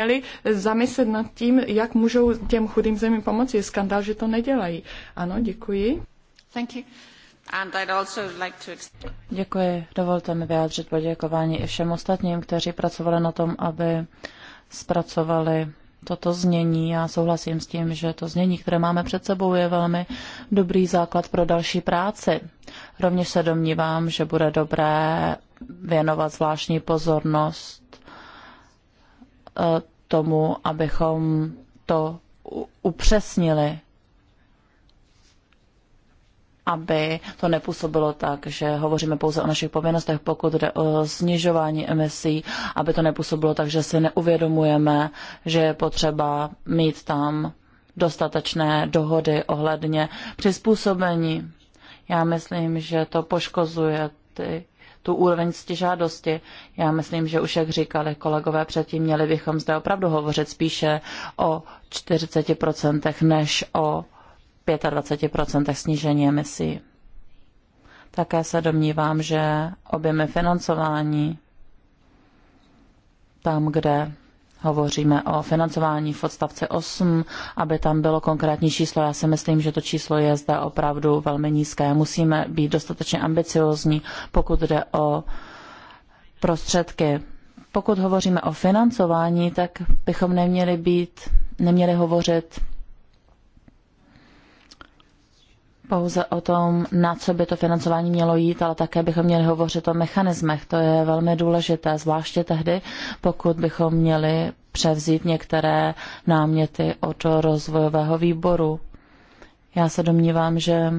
měli zamyslet nad tím, jak můžou těm chudým zemím pomoci. Je skandál, že to nedělají. Ano, děkuji. Thank you. And I'd also like to... Děkuji. Dovolte mi vyjádřit poděkování i všem ostatním, kteří pracovali na tom, aby zpracovali toto znění. Já souhlasím s tím, že to znění, které máme před sebou, je velmi dobrý základ pro další práci. Rovněž se domnívám, že bude dobré věnovat zvláštní pozornost Eh, tomu, abychom to upřesnili, aby to nepůsobilo tak, že hovoříme pouze o našich povinnostech, pokud jde o snižování emisí, aby to nepůsobilo tak, že si neuvědomujeme, že je potřeba mít tam dostatečné dohody ohledně přizpůsobení. Já myslím, že to poškozuje ty tu úroveň žádosti. Já myslím, že už jak říkali kolegové předtím, měli bychom zde opravdu hovořit spíše o 40% než o 25% snížení emisí. Také se domnívám, že objemy financování tam, kde hovoříme o financování v odstavce 8, aby tam bylo konkrétní číslo. Já si myslím, že to číslo je zde opravdu velmi nízké. Musíme být dostatečně ambiciozní, pokud jde o prostředky. Pokud hovoříme o financování, tak bychom neměli být, neměli hovořit pouze o tom, na co by to financování mělo jít, ale také bychom měli hovořit o mechanismech. To je velmi důležité, zvláště tehdy, pokud bychom měli převzít některé náměty od rozvojového výboru. Já se domnívám, že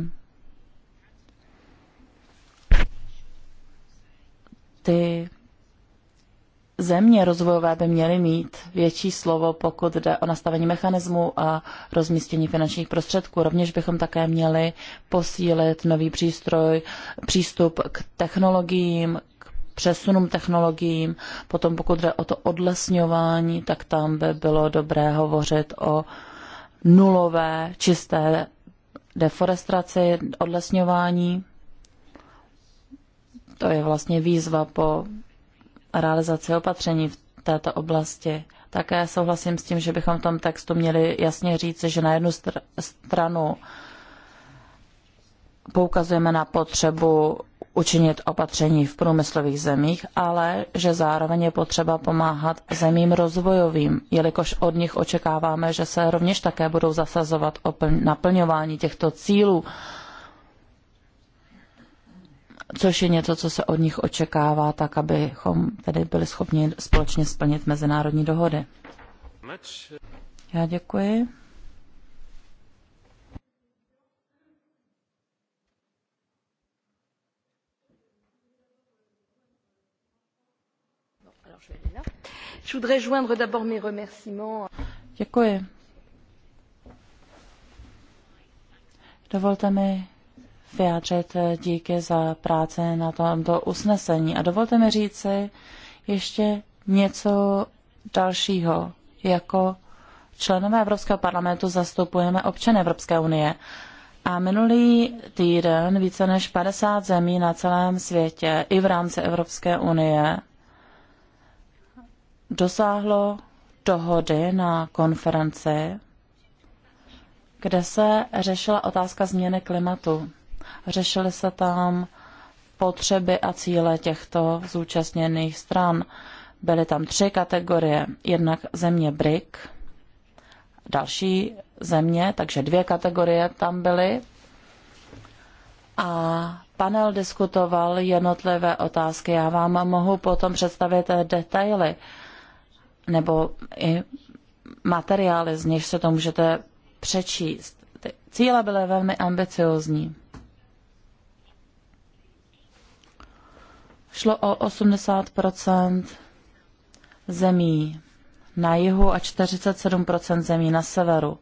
ty země rozvojové by měly mít větší slovo, pokud jde o nastavení mechanismu a rozmístění finančních prostředků. Rovněž bychom také měli posílit nový přístroj, přístup k technologiím, k přesunům technologiím. Potom pokud jde o to odlesňování, tak tam by bylo dobré hovořit o nulové čisté deforestaci, odlesňování. To je vlastně výzva po realizaci opatření v této oblasti. Také souhlasím s tím, že bychom v tom textu měli jasně říct, že na jednu str- stranu poukazujeme na potřebu učinit opatření v průmyslových zemích, ale že zároveň je potřeba pomáhat zemím rozvojovým, jelikož od nich očekáváme, že se rovněž také budou zasazovat o naplňování těchto cílů což je něco, co se od nich očekává, tak abychom tedy byli schopni společně splnit mezinárodní dohody. Já děkuji. Je voudrais joindre d'abord mes remerciements. Děkuji. Dovolte mi vyjádřit eh, díky za práci na tomto usnesení. A dovolte mi říci ještě něco dalšího. Jako členové Evropského parlamentu zastupujeme občany Evropské unie. A minulý týden více než 50 zemí na celém světě i v rámci Evropské unie dosáhlo dohody na konferenci, kde se řešila otázka změny klimatu řešily se tam potřeby a cíle těchto zúčastněných stran. Byly tam tři kategorie. Jednak země BRIC, další země, takže dvě kategorie tam byly. A panel diskutoval jednotlivé otázky. Já vám mohu potom představit detaily nebo i materiály, z nich se to můžete přečíst. Ty cíle byly velmi ambiciozní. Šlo o 80 zemí na jihu a 47 zemí na severu.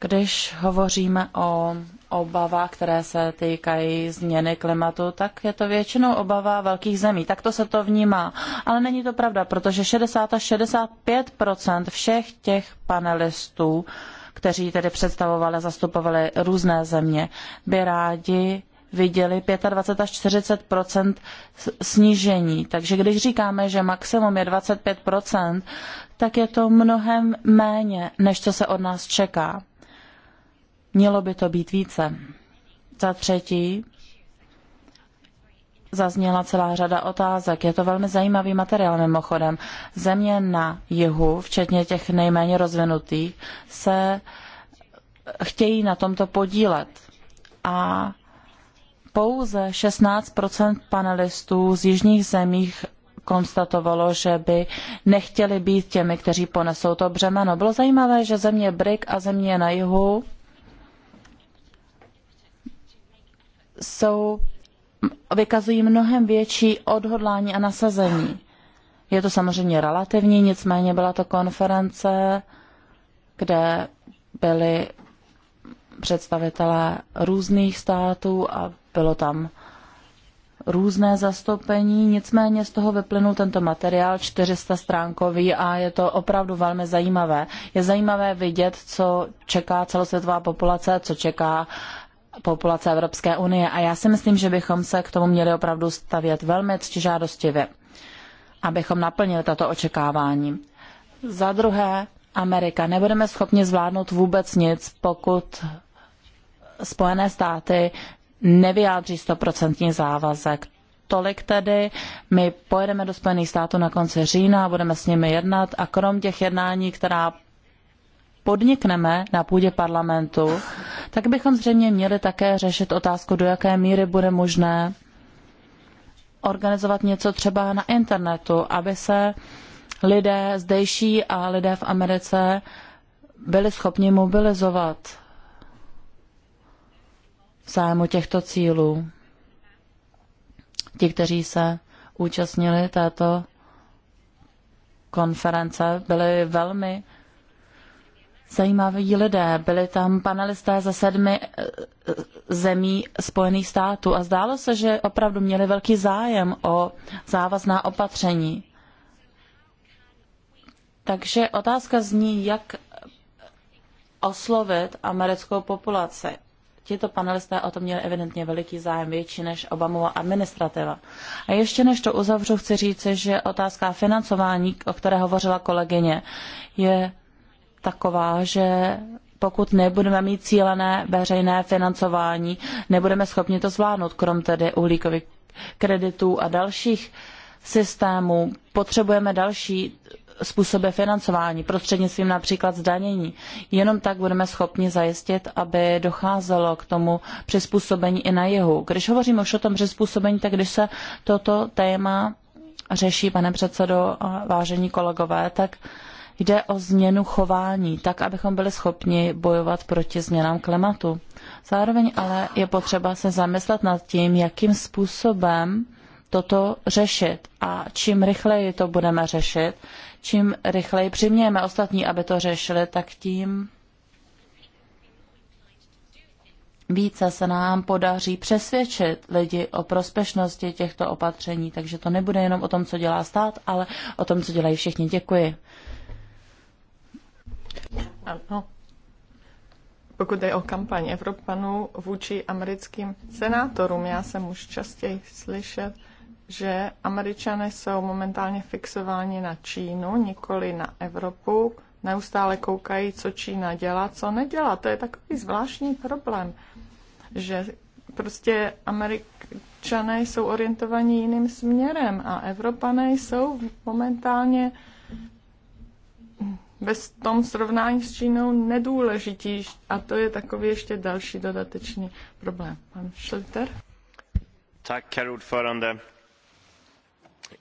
Když hovoříme o obavách, které se týkají změny klimatu, tak je to většinou obava velkých zemí. Takto se to vnímá. Ale není to pravda, protože 60 až 65 všech těch panelistů, kteří tedy představovali a zastupovali různé země, by rádi viděli 25 až 40 snížení. Takže když říkáme, že maximum je 25 tak je to mnohem méně, než co se od nás čeká. Mělo by to být více. Za třetí, zazněla celá řada otázek. Je to velmi zajímavý materiál mimochodem. Země na jihu, včetně těch nejméně rozvinutých, se chtějí na tomto podílet. A pouze 16 panelistů z jižních zemích konstatovalo, že by nechtěli být těmi, kteří ponesou to břemeno. Bylo zajímavé, že země BRIC a země na jihu jsou, vykazují mnohem větší odhodlání a nasazení. Je to samozřejmě relativní, nicméně byla to konference, kde byli představitelé různých států a bylo tam různé zastoupení, nicméně z toho vyplynul tento materiál 400 stránkový a je to opravdu velmi zajímavé. Je zajímavé vidět, co čeká celosvětová populace, co čeká populace Evropské unie a já si myslím, že bychom se k tomu měli opravdu stavět velmi ctižádostivě, abychom naplnili tato očekávání. Za druhé, Amerika. Nebudeme schopni zvládnout vůbec nic, pokud Spojené státy nevyjádří stoprocentní závazek. Tolik tedy. My pojedeme do Spojených států na konci října, budeme s nimi jednat a krom těch jednání, která podnikneme na půdě parlamentu, tak bychom zřejmě měli také řešit otázku, do jaké míry bude možné organizovat něco třeba na internetu, aby se lidé zdejší a lidé v Americe byli schopni mobilizovat v zájmu těchto cílů. Ti, kteří se účastnili této konference, byli velmi zajímaví lidé. Byli tam panelisté ze sedmi eh, zemí Spojených států a zdálo se, že opravdu měli velký zájem o závazná opatření. Takže otázka zní, jak oslovit americkou populaci. Tito panelisté o to měli evidentně veliký zájem, větší než Obamova administrativa. A ještě než to uzavřu, chci říct, že otázka financování, o které hovořila kolegyně, je taková, že pokud nebudeme mít cílené veřejné financování, nebudeme schopni to zvládnout, krom tedy uhlíkových kreditů a dalších systémů. Potřebujeme další způsoby financování, prostřednictvím například zdanění. Jenom tak budeme schopni zajistit, aby docházelo k tomu přizpůsobení i na jihu. Když hovořím o tom přizpůsobení, tak když se toto téma řeší, pane předsedo a vážení kolegové, tak jde o změnu chování, tak abychom byli schopni bojovat proti změnám klimatu. Zároveň ale je potřeba se zamyslet nad tím, jakým způsobem toto řešit a čím rychleji to budeme řešit, čím rychleji přimějeme ostatní, aby to řešili, tak tím více se nám podaří přesvědčit lidi o prospešnosti těchto opatření, takže to nebude jenom o tom, co dělá stát, ale o tom, co dělají všichni. Děkuji. Ano. Pokud jde o kampaň Evropanů vůči americkým senátorům, já jsem už častěji slyšet, že američané jsou momentálně fixováni na Čínu, nikoli na Evropu, neustále koukají, co Čína dělá, co nedělá. To je takový zvláštní problém, že prostě američané jsou orientovaní jiným směrem a Evropané jsou momentálně bez tom srovnání s Čínou nedůležití a to je takový ještě další dodatečný problém. Pan Schlitter? Tak,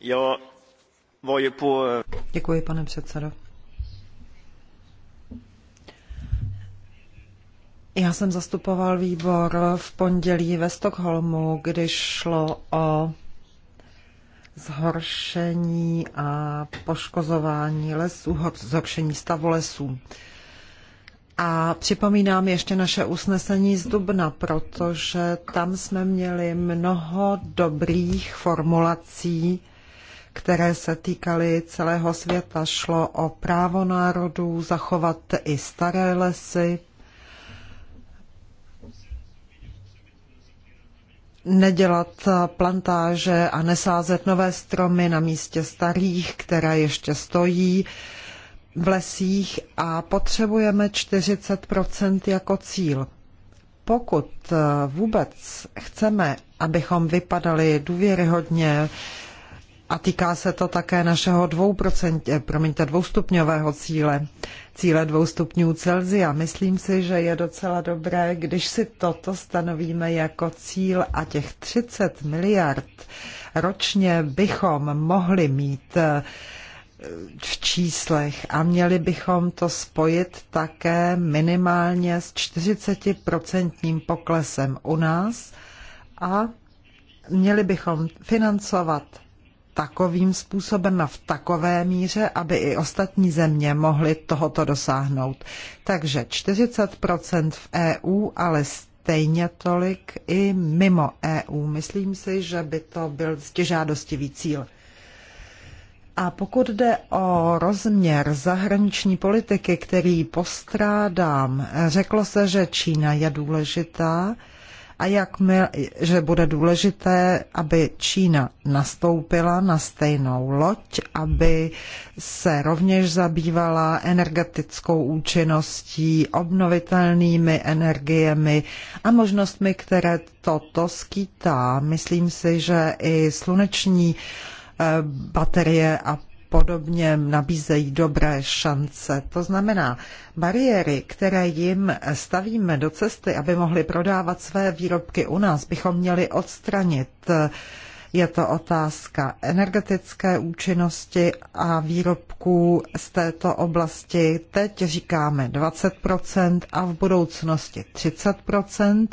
Eh, pane Já jsem zastupoval výbor v pondělí ve Stockholmu, když šlo o zhoršení a poškozování lesů, zhoršení stavu lesů. A připomínám ještě naše usnesení z Dubna, protože tam jsme měli mnoho dobrých formulací které se týkaly celého světa. Šlo o právo národů zachovat i staré lesy. Nedělat plantáže a nesázet nové stromy na místě starých, které ještě stojí v lesích a potřebujeme 40 jako cíl. Pokud vůbec chceme, abychom vypadali důvěryhodně, a týká se to také našeho eh, promiňte, dvoustupňového cíle, cíle dvou stupňů Celzia. Myslím si, že je docela dobré, když si toto stanovíme jako cíl a těch 30 miliard ročně bychom mohli mít eh, v číslech a měli bychom to spojit také minimálně s 40% poklesem u nás a měli bychom financovat takovým způsobem a v takové míře, aby i ostatní země mohly tohoto dosáhnout. Takže 40 v EU, ale stejně tolik i mimo EU. Myslím si, že by to byl stěžádostivý cíl. A pokud jde o rozměr zahraniční politiky, který postrádám, řeklo se, že Čína je důležitá, a jak my, že bude důležité, aby Čína nastoupila na stejnou loď, aby se rovněž zabývala energetickou účinností, obnovitelnými energiemi a možnostmi, které toto skýtá. Myslím si, že i sluneční eh, baterie a podobně nabízejí dobré šance. To znamená, bariéry, které jim stavíme do cesty, aby mohli prodávat své výrobky u nás, bychom měli odstranit je to otázka energetické účinnosti a výrobků z této oblasti. Teď říkáme 20% a v budoucnosti 30%,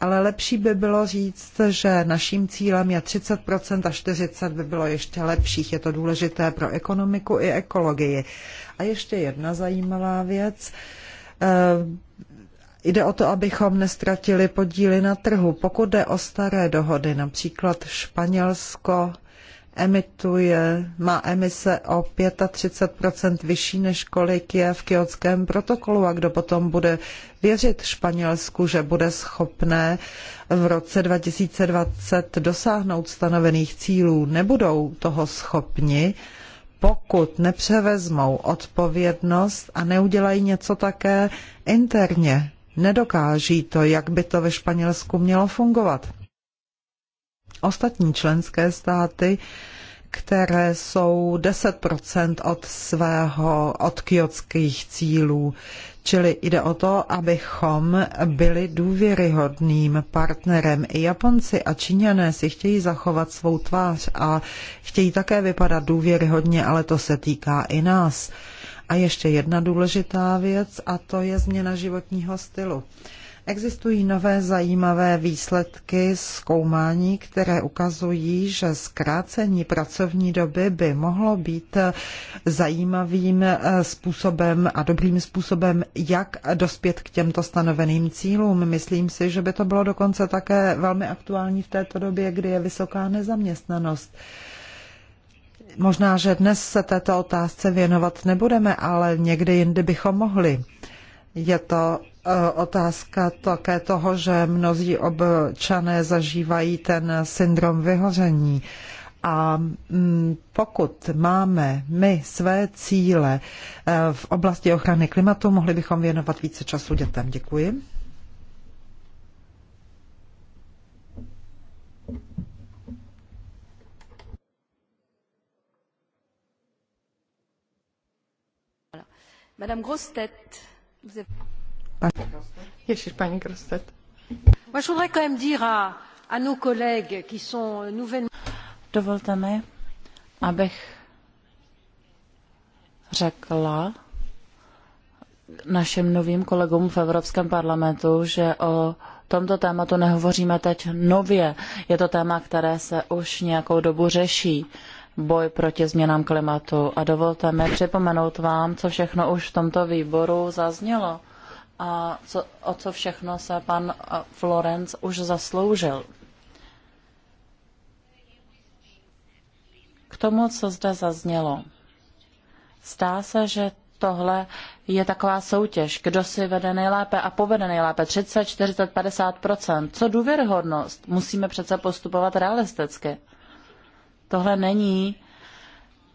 ale lepší by bylo říct, že naším cílem je 30% a 40% by bylo ještě lepších. Je to důležité pro ekonomiku i ekologii. A ještě jedna zajímavá věc Jde o to, abychom nestratili podíly na trhu. Pokud jde o staré dohody, například Španělsko emituje, má emise o 35 vyšší, než kolik je v kiotském protokolu. A kdo potom bude věřit Španělsku, že bude schopné v roce 2020 dosáhnout stanovených cílů, nebudou toho schopni, pokud nepřevezmou odpovědnost a neudělají něco také interně nedokáží to, jak by to ve Španělsku mělo fungovat. Ostatní členské státy, které jsou 10% od svého, od kiotských cílů, Čili jde o to, abychom byli důvěryhodným partnerem. I Japonci a Číňané si chtějí zachovat svou tvář a chtějí také vypadat důvěryhodně, ale to se týká i nás. A ještě jedna důležitá věc, a to je změna životního stylu. Existují nové zajímavé výsledky zkoumání, které ukazují, že zkrácení pracovní doby by mohlo být zajímavým eh, způsobem a dobrým způsobem, jak dospět k těmto stanoveným cílům. Myslím si, že by to bylo dokonce také velmi aktuální v této době, kdy je vysoká nezaměstnanost. Možná, že dnes se této otázce věnovat nebudeme, ale někdy jindy bychom mohli. Je to e, otázka také toho, že mnozí občané zažívají ten syndrom vyhoření. A mm, pokud máme my své cíle e, v oblasti ochrany klimatu, mohli bychom věnovat více času dětem. Děkuji. je voudrais quand même dire à, nos collègues qui sont nouvellement... Dovolte mi, abych řekla našim novým kolegům v Evropském parlamentu, že o tomto tématu nehovoříme teď nově. Je to téma, které se už nějakou dobu řeší boj proti změnám klimatu. A dovolte mi připomenout vám, co všechno už v tomto výboru zaznělo a co, o co všechno se pan eh, Florenc už zasloužil. K tomu, co zde zaznělo. Stá se, že tohle je taková soutěž, kdo si vede nejlépe a povede nejlépe 30, 40, 50 Co důvěryhodnost? Musíme přece postupovat realisticky. Tohle není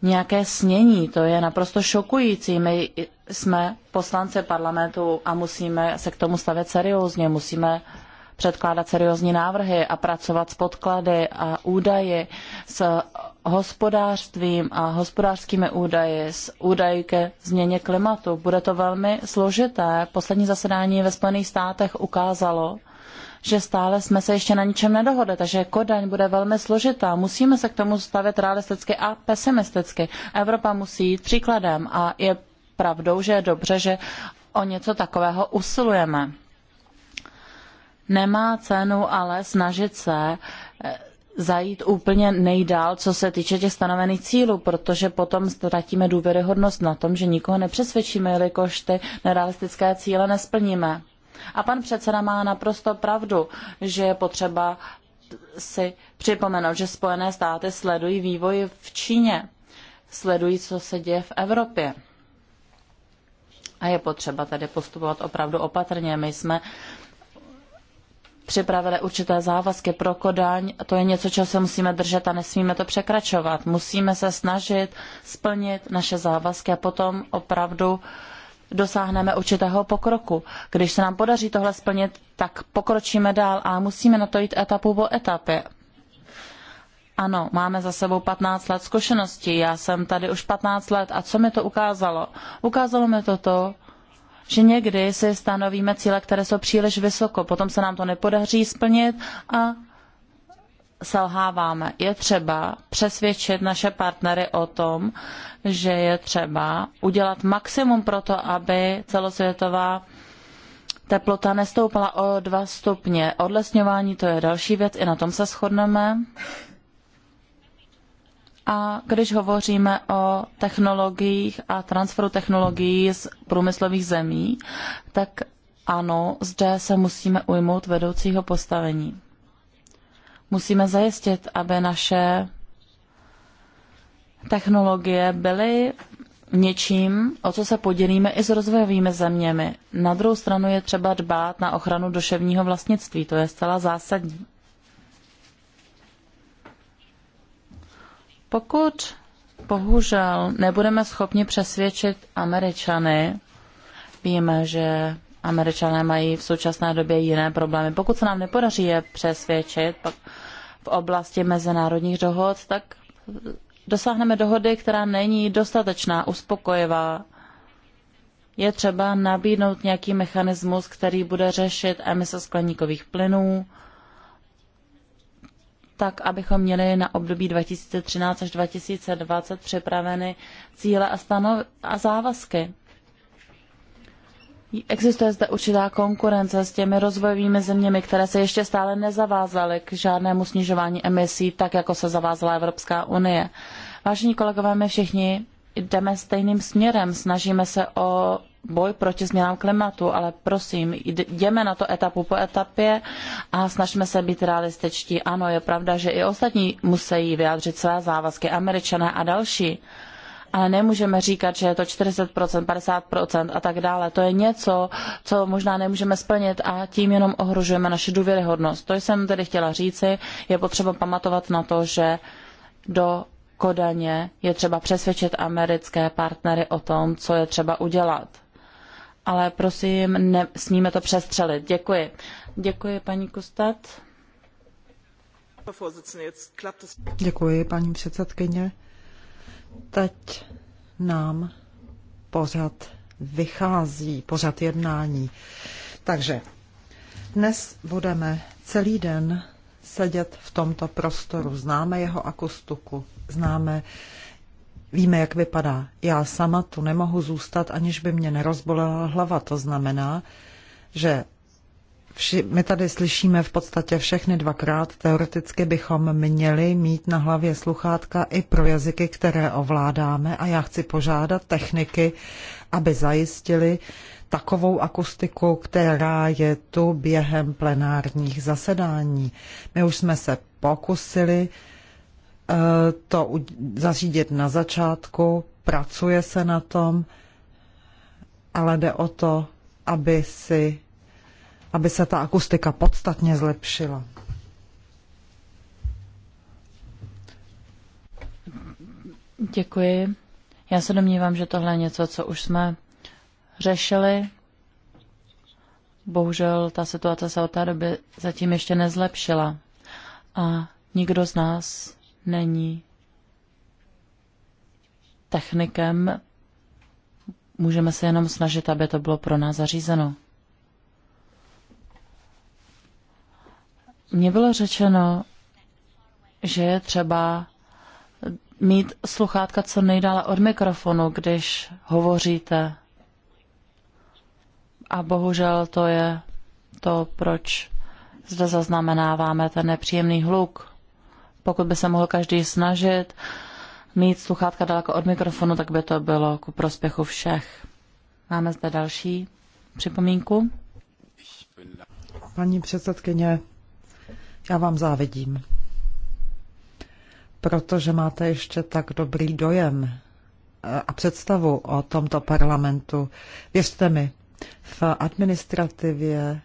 nějaké snění, to je naprosto šokující. My jsme poslanci parlamentu a musíme se k tomu stavět seriózně, musíme předkládat seriózní návrhy a pracovat s podklady a údaji, s hospodářstvím a hospodářskými údaji, s údaji ke změně klimatu. Bude to velmi složité. Poslední zasedání ve Spojených státech ukázalo, že stále jsme se ještě na ničem nedohodli, takže Kodaň bude velmi složitá. Musíme se k tomu stavět realisticky a pesimisticky. Evropa musí jít příkladem a je pravdou, že je dobře, že o něco takového usilujeme. Nemá cenu ale snažit se eh, zajít úplně nejdál, co se týče těch stanovených cílů, protože potom ztratíme důvěryhodnost na tom, že nikoho nepřesvědčíme, jelikož ty nerealistické cíle nesplníme. A pan předseda má naprosto pravdu, že je potřeba si připomenout, že Spojené státy sledují vývoj v Číně, sledují, co se děje v Evropě. A je potřeba tady postupovat opravdu opatrně. My jsme připravili určité závazky pro Kodaň. To je něco, čeho se musíme držet a nesmíme to překračovat. Musíme se snažit splnit naše závazky a potom opravdu uh, dosáhneme určitého pokroku. Když se nám podaří tohle splnit, tak pokročíme dál a musíme na to jít etapu po etapě. Ano, máme za sebou 15 let zkušeností. Já jsem tady už 15 let a co mi to ukázalo? Ukázalo mi to to, že někdy si stanovíme cíle, které jsou příliš vysoko, potom se nám to nepodaří splnit a selháváme. Je třeba přesvědčit naše partnery o tom, že je třeba udělat maximum pro to, aby celosvětová teplota nestoupala o 2 stupně. Odlesňování to je další věc, i na tom se shodneme. A když hovoříme o technologiích a transferu technologií z průmyslových zemí, tak ano, zde se musíme ujmout vedoucího postavení. Musíme zajistit, aby naše technologie byly něčím, o co se podělíme i s rozvojovými zeměmi. Na druhou stranu je třeba dbát na ochranu duševního vlastnictví, to je zcela zásadní. Pokud bohužel nebudeme schopni přesvědčit Američany, víme, že Američané mají v současné době jiné problémy. Pokud se nám nepodaří je přesvědčit, pak v oblasti mezinárodních dohod, tak dosáhneme dohody, která není dostatečná, uspokojivá. Je třeba nabídnout nějaký mechanismus, který bude řešit emise skleníkových plynů, tak, abychom měli na období 2013 až 2020 připraveny cíle a, a závazky. Existuje zde určitá konkurence s těmi rozvojovými zeměmi, které se ještě stále nezavázaly k žádnému snižování emisí, tak jako se zavázala Evropská unie. Vážení kolegové, my všichni jdeme stejným směrem, snažíme se o boj proti změnám klimatu, ale prosím, jdeme na to etapu po etapě a snažíme se být realističtí. Ano, je pravda, že i ostatní musí vyjádřit své závazky, američané a další ale nemůžeme říkat, že je to 40%, 50% a tak dále. To je něco, co možná nemůžeme splnit a tím jenom ohrožujeme naši důvěryhodnost. To jsem tedy chtěla říci. Je potřeba pamatovat na to, že do Kodaně je třeba přesvědčit americké partnery o tom, co je třeba udělat. Ale prosím, ne, to přestřelit. Děkuji. Děkuji, paní Kustat. Děkuji, paní předsedkyně teď nám pořad vychází, pořad jednání. Takže dnes budeme celý den sedět v tomto prostoru. Známe jeho akustiku, známe, víme, jak vypadá. Já sama tu nemohu zůstat, aniž by mě nerozbolela hlava. To znamená, že Vši, my tady slyšíme v podstatě všechny dvakrát. Teoreticky bychom měli mít na hlavě sluchátka i pro jazyky, které ovládáme a já chci požádat techniky, aby zajistili takovou akustiku, která je tu během plenárních zasedání. My už jsme se pokusili eh, to zařídit na začátku, pracuje se na tom, ale jde o to, aby si aby se ta akustika podstatně zlepšila. Děkuji. Já se domnívám, že tohle je něco, co už jsme řešili. Bohužel ta situace se od té doby zatím ještě nezlepšila. A nikdo z nás není technikem. Můžeme se jenom snažit, aby to bylo pro nás zařízeno. Mně bylo řečeno, že je třeba mít sluchátka co nejdále od mikrofonu, když hovoříte. A bohužel to je to, proč zde zaznamenáváme ten nepříjemný hluk. Pokud by se mohl každý snažit mít sluchátka daleko od mikrofonu, tak by to bylo ku prospěchu všech. Máme zde další připomínku. Paní předsedkyně, já vám závidím. Protože máte ještě tak dobrý dojem eh, a představu o tomto parlamentu. Věřte mi, v administrativě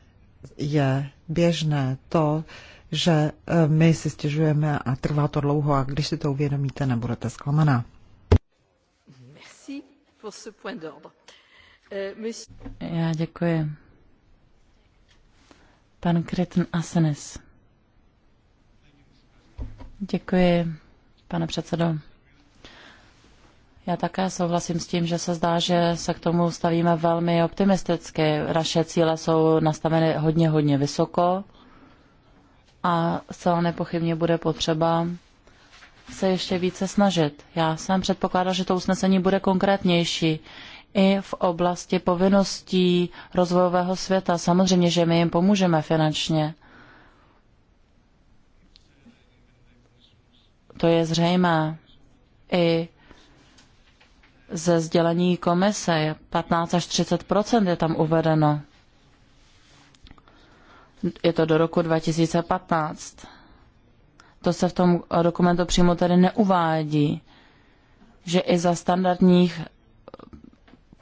je běžné to, že eh, my si stěžujeme a trvá to dlouho a když si to uvědomíte, nebudete zklamaná. Eh, Já děkuji. Pan Kretn Asenes. Děkuji, pane předsedo. Já také souhlasím s tím, že se zdá, že se k tomu stavíme velmi optimisticky. Naše cíle jsou nastaveny hodně, hodně vysoko a zcela nepochybně bude potřeba se ještě více snažit. Já jsem předpokládal, že to usnesení bude konkrétnější i v oblasti povinností rozvojového světa. Samozřejmě, že my jim pomůžeme finančně. To je zřejmé. I ze sdělení komise 15 až 30 je tam uvedeno. Je to do roku 2015. To se v tom dokumentu přímo tedy neuvádí, že i za standardních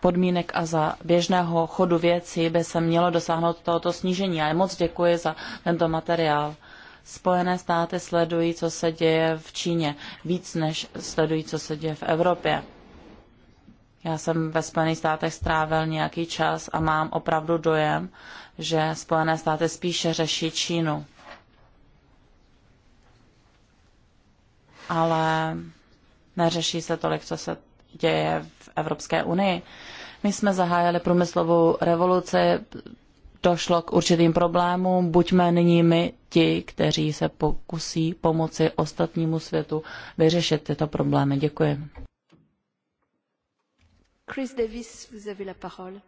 podmínek a za běžného chodu věcí by se mělo dosáhnout tohoto snížení. Já moc děkuji za tento materiál. Spojené státy sledují, co se děje v Číně, víc než sledují, co se děje v Evropě. Já jsem ve Spojených státech strávil nějaký čas a mám opravdu dojem, že Spojené státy spíše řeší Čínu. Ale neřeší se tolik, co se děje v Evropské unii. My jsme zahájili průmyslovou revoluci, došlo k určitým problémům, buďme nyní my ti, kteří se pokusí pomoci ostatnímu světu vyřešit tyto problémy. Děkuji. Chris Davis, vous avez la parole.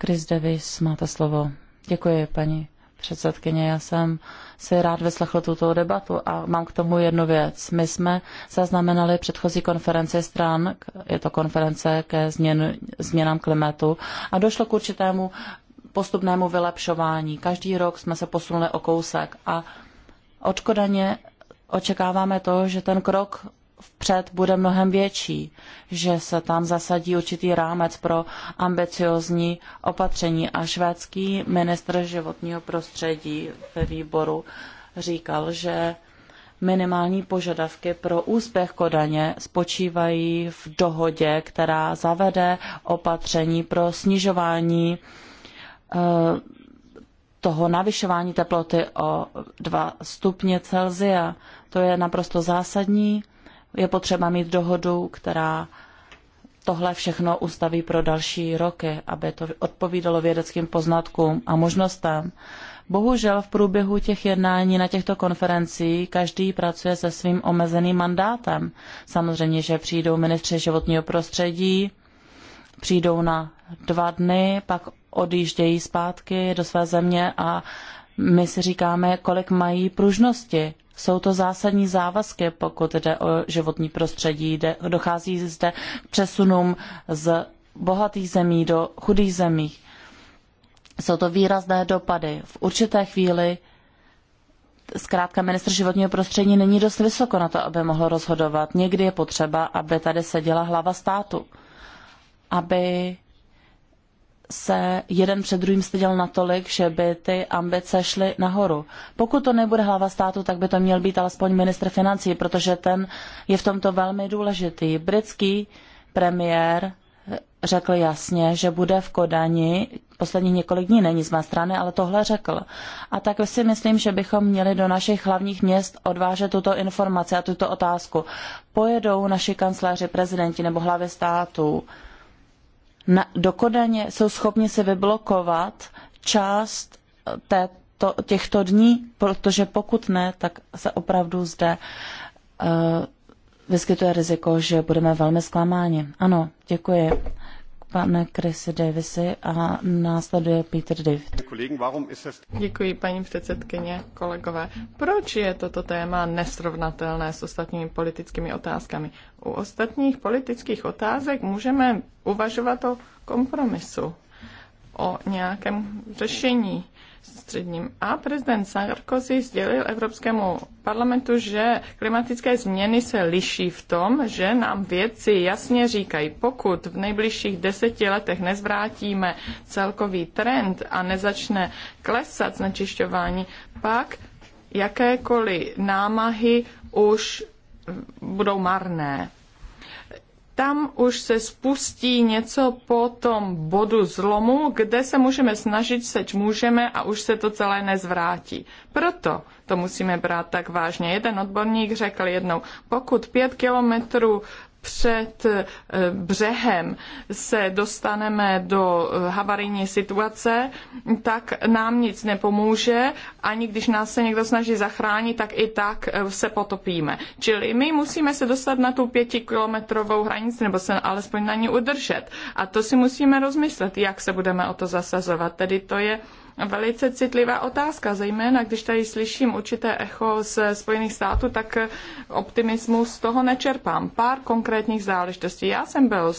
Chris Davis, máte slovo. Děkuji, paní předsedkyně. Já jsem si rád vyslechl tuto debatu a mám k tomu jednu věc. My jsme zaznamenali předchozí konferenci stran, je to konference ke změn, změnám klimatu a došlo k určitému postupnému vylepšování. Každý rok jsme se posunuli o kousek a od očekáváme to, že ten krok vpřed bude mnohem větší, že se tam zasadí určitý rámec pro ambiciozní opatření. A švédský ministr životního prostředí ve výboru říkal, že minimální požadavky pro úspěch Kodaně spočívají v dohodě, která zavede opatření pro snižování toho navyšování teploty o 2 stupně Celsia. To je naprosto zásadní. Je potřeba mít dohodu, která tohle všechno ustaví pro další roky, aby to odpovídalo vědeckým poznatkům a možnostem. Bohužel v průběhu těch jednání na těchto konferencích každý pracuje se svým omezeným mandátem. Samozřejmě, že přijdou ministři životního prostředí, přijdou na dva dny, pak odjíždějí zpátky do své země a my si říkáme, kolik mají pružnosti. Jsou to zásadní závazky, pokud jde o životní prostředí. Jde, dochází zde k přesunům z bohatých zemí do chudých zemí. Jsou to výrazné dopady. V určité chvíli zkrátka ministr životního prostředí není dost vysoko na to, aby mohl rozhodovat. Někdy je potřeba, aby tady seděla hlava státu aby se jeden před druhým styděl natolik, že by ty ambice šly nahoru. Pokud to nebude hlava státu, tak by to měl být alespoň ministr financí, protože ten je v tomto velmi důležitý. Britský premiér řekl jasně, že bude v Kodani, posledních několik dní není z mé strany, ale tohle řekl. A tak si myslím, že bychom měli do našich hlavních měst odvážet tuto informaci a tuto otázku. Pojedou naši kancléři, prezidenti nebo hlavy států na, do Kodaně jsou schopni se vyblokovat část eh, této, těchto dní, protože pokud ne, tak se opravdu zde uh, vyskytuje riziko, že budeme velmi zklamáni. Ano, děkuji pane Chris Davise a následuje Peter David. Děkuji, paní předsedkyně, kolegové. Proč je toto téma nesrovnatelné s ostatními politickými otázkami? U ostatních politických otázek můžeme uvažovat o kompromisu, o nějakém řešení středním. A prezident Sarkozy sdělil Evropskému parlamentu, že klimatické změny se liší v tom, že nám vědci jasně říkají, pokud v nejbližších deseti letech nezvrátíme celkový trend a nezačne klesat znečišťování, pak jakékoliv námahy už budou marné tam už se spustí něco po tom bodu zlomu, kde se můžeme snažit, seč můžeme a už se to celé nezvrátí. Proto to musíme brát tak vážně. Jeden odborník řekl jednou, pokud pět kilometrů před eh, břehem se dostaneme do eh, havarijní situace, tak nám nic nepomůže. Ani když nás se někdo snaží zachránit, tak i tak eh, se potopíme. Čili my musíme se dostat na tu pětikilometrovou hranici, nebo se alespoň na ní udržet. A to si musíme rozmyslet, jak se budeme o to zasazovat. Tedy to je velice citlivá otázka, zejména když tady slyším určité echo z Spojených států, tak optimismus z toho nečerpám. Pár konkrétních záležitostí. Já jsem byl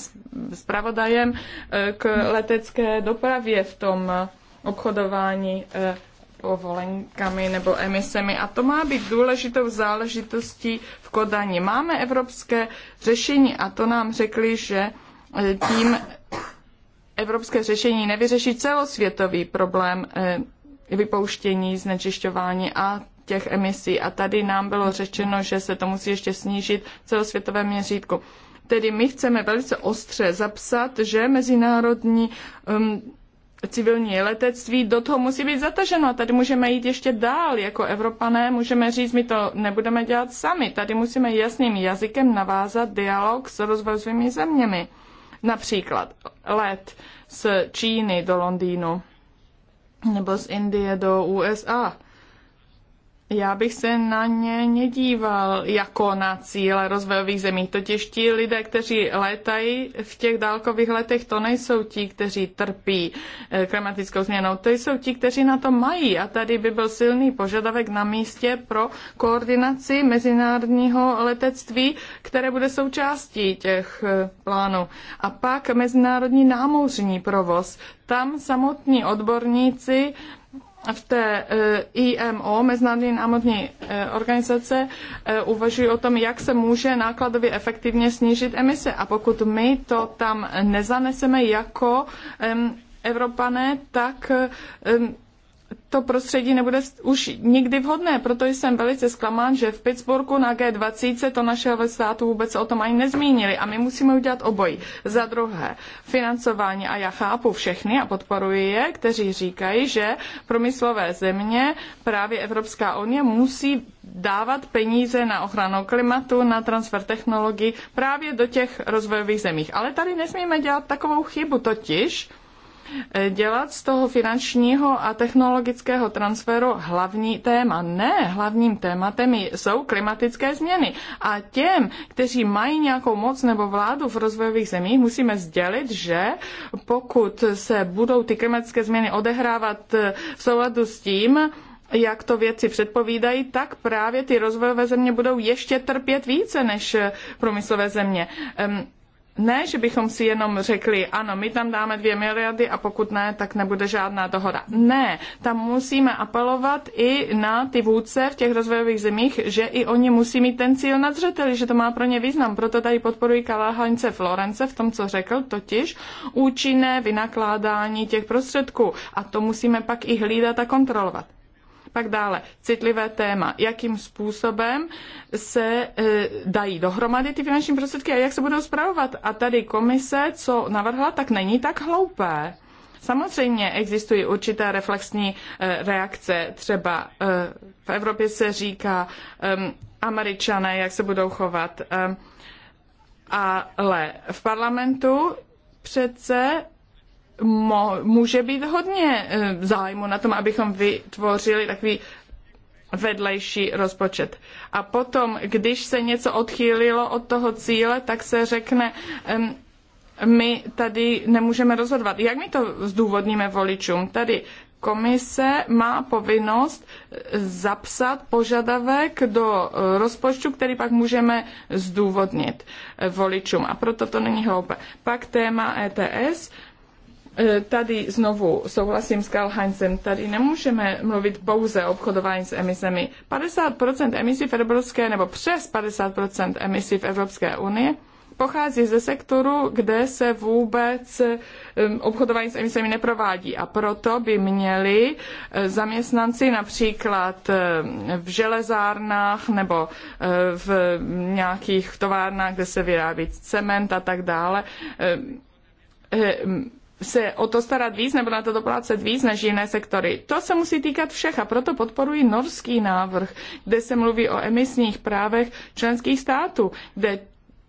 zpravodajem eh, k letecké dopravě v tom eh, obchodování eh, povolenkami nebo emisemi a to má být důležitou záležitostí v Kodani. Máme evropské řešení a to nám řekli, že tím evropské řešení nevyřeší celosvětový problém eh, vypouštění, znečišťování a těch emisí. A tady nám bylo řečeno, že se to musí ještě snížit v celosvětovém měřítku. Tedy my chceme velice ostře zapsat, že mezinárodní um, civilní letectví do toho musí být zataženo. A tady můžeme jít ještě dál. Jako Evropané můžeme říct, my to nebudeme dělat sami. Tady musíme jasným jazykem navázat dialog s rozvojovými zeměmi Například let z Číny do Londýnu nebo z Indie do USA já bych se na ně nedíval jako na cíle rozvojových zemí. Totiž ti lidé, kteří létají v těch dálkových letech, to nejsou ti, kteří trpí eh, klimatickou změnou. To jsou ti, kteří na to mají. A tady by byl silný požadavek na místě pro koordinaci mezinárodního letectví, které bude součástí těch eh, plánů. A pak mezinárodní námořní provoz. Tam samotní odborníci v té eh, IMO, Mezinárodní námodní eh, organizace, eh, uvažují o tom, jak se může nákladově efektivně snížit emise. A pokud my to tam nezaneseme jako Evropané, tak to prostředí nebude už nikdy vhodné, proto jsem velice zklamán, že v Pittsburghu na G20 to naše ve státu vůbec o tom ani nezmínili a my musíme udělat obojí. Za druhé, financování a já chápu všechny a podporuji je, kteří říkají, že promyslové země, právě Evropská unie musí dávat peníze na ochranu klimatu, na transfer technologií právě do těch rozvojových zemích. Ale tady nesmíme dělat takovou chybu, totiž dělat z toho finančního a technologického transferu hlavní téma. Ne, hlavním tématem jsou klimatické změny. A těm, kteří mají nějakou moc nebo vládu v rozvojových zemích, musíme sdělit, že pokud se budou ty klimatické změny odehrávat eh, v souladu s tím, jak to věci předpovídají, tak právě ty rozvojové země budou ještě trpět více než eh, průmyslové země ne, že bychom si jenom řekli, ano, my tam dáme dvě miliardy a pokud ne, tak nebude žádná dohoda. Ne, tam musíme apelovat i na ty vůdce v těch rozvojových zemích, že i oni musí mít ten cíl na zřeteli, že to má pro ně význam. Proto tady podporuji Kaláhaňce Florence v tom, co řekl, totiž účinné vynakládání těch prostředků. A to musíme pak i hlídat a kontrolovat tak dále. Citlivé téma, jakým způsobem se e, dají dohromady ty finanční prostředky a jak se budou zpravovat. A tady komise, co navrhla, tak není tak hloupé. Samozřejmě existují určité reflexní e, reakce. Třeba e, v Evropě se říká američané, jak se budou chovat. ale v parlamentu přece může být hodně e, zájmu na tom, abychom vytvořili takový vedlejší rozpočet. A potom, když se něco odchýlilo od toho cíle, tak se řekne, my tady nemůžeme rozhodovat. Jak my to zdůvodníme voličům? Tady komise má povinnost e, zapsat požadavek do e, rozpočtu, který pak můžeme zdůvodnit voličům. A proto to není hloupé. Pak téma ETS. E, tady znovu souhlasím s Karl Heinzem, tady nemůžeme mluvit pouze o obchodování s emisemi. 50% emisí v Evropské, nebo přes 50% emisí v Evropské unii pochází ze sektoru, kde se vůbec e, obchodování s emisemi neprovádí. A proto by měli e, zaměstnanci například v železárnách nebo v nějakých továrnách, kde se vyrábí cement a tak dále, se o to starat víc nebo na to doplácet víc než jiné sektory. To se musí týkat všech a proto podporuji norský návrh, kde se mluví o emisních právech členských států, kde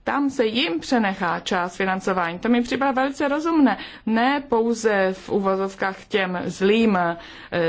tam se jim přenechá část financování. To mi připadá velice rozumné. Ne pouze v uvozovkách těm zlým e,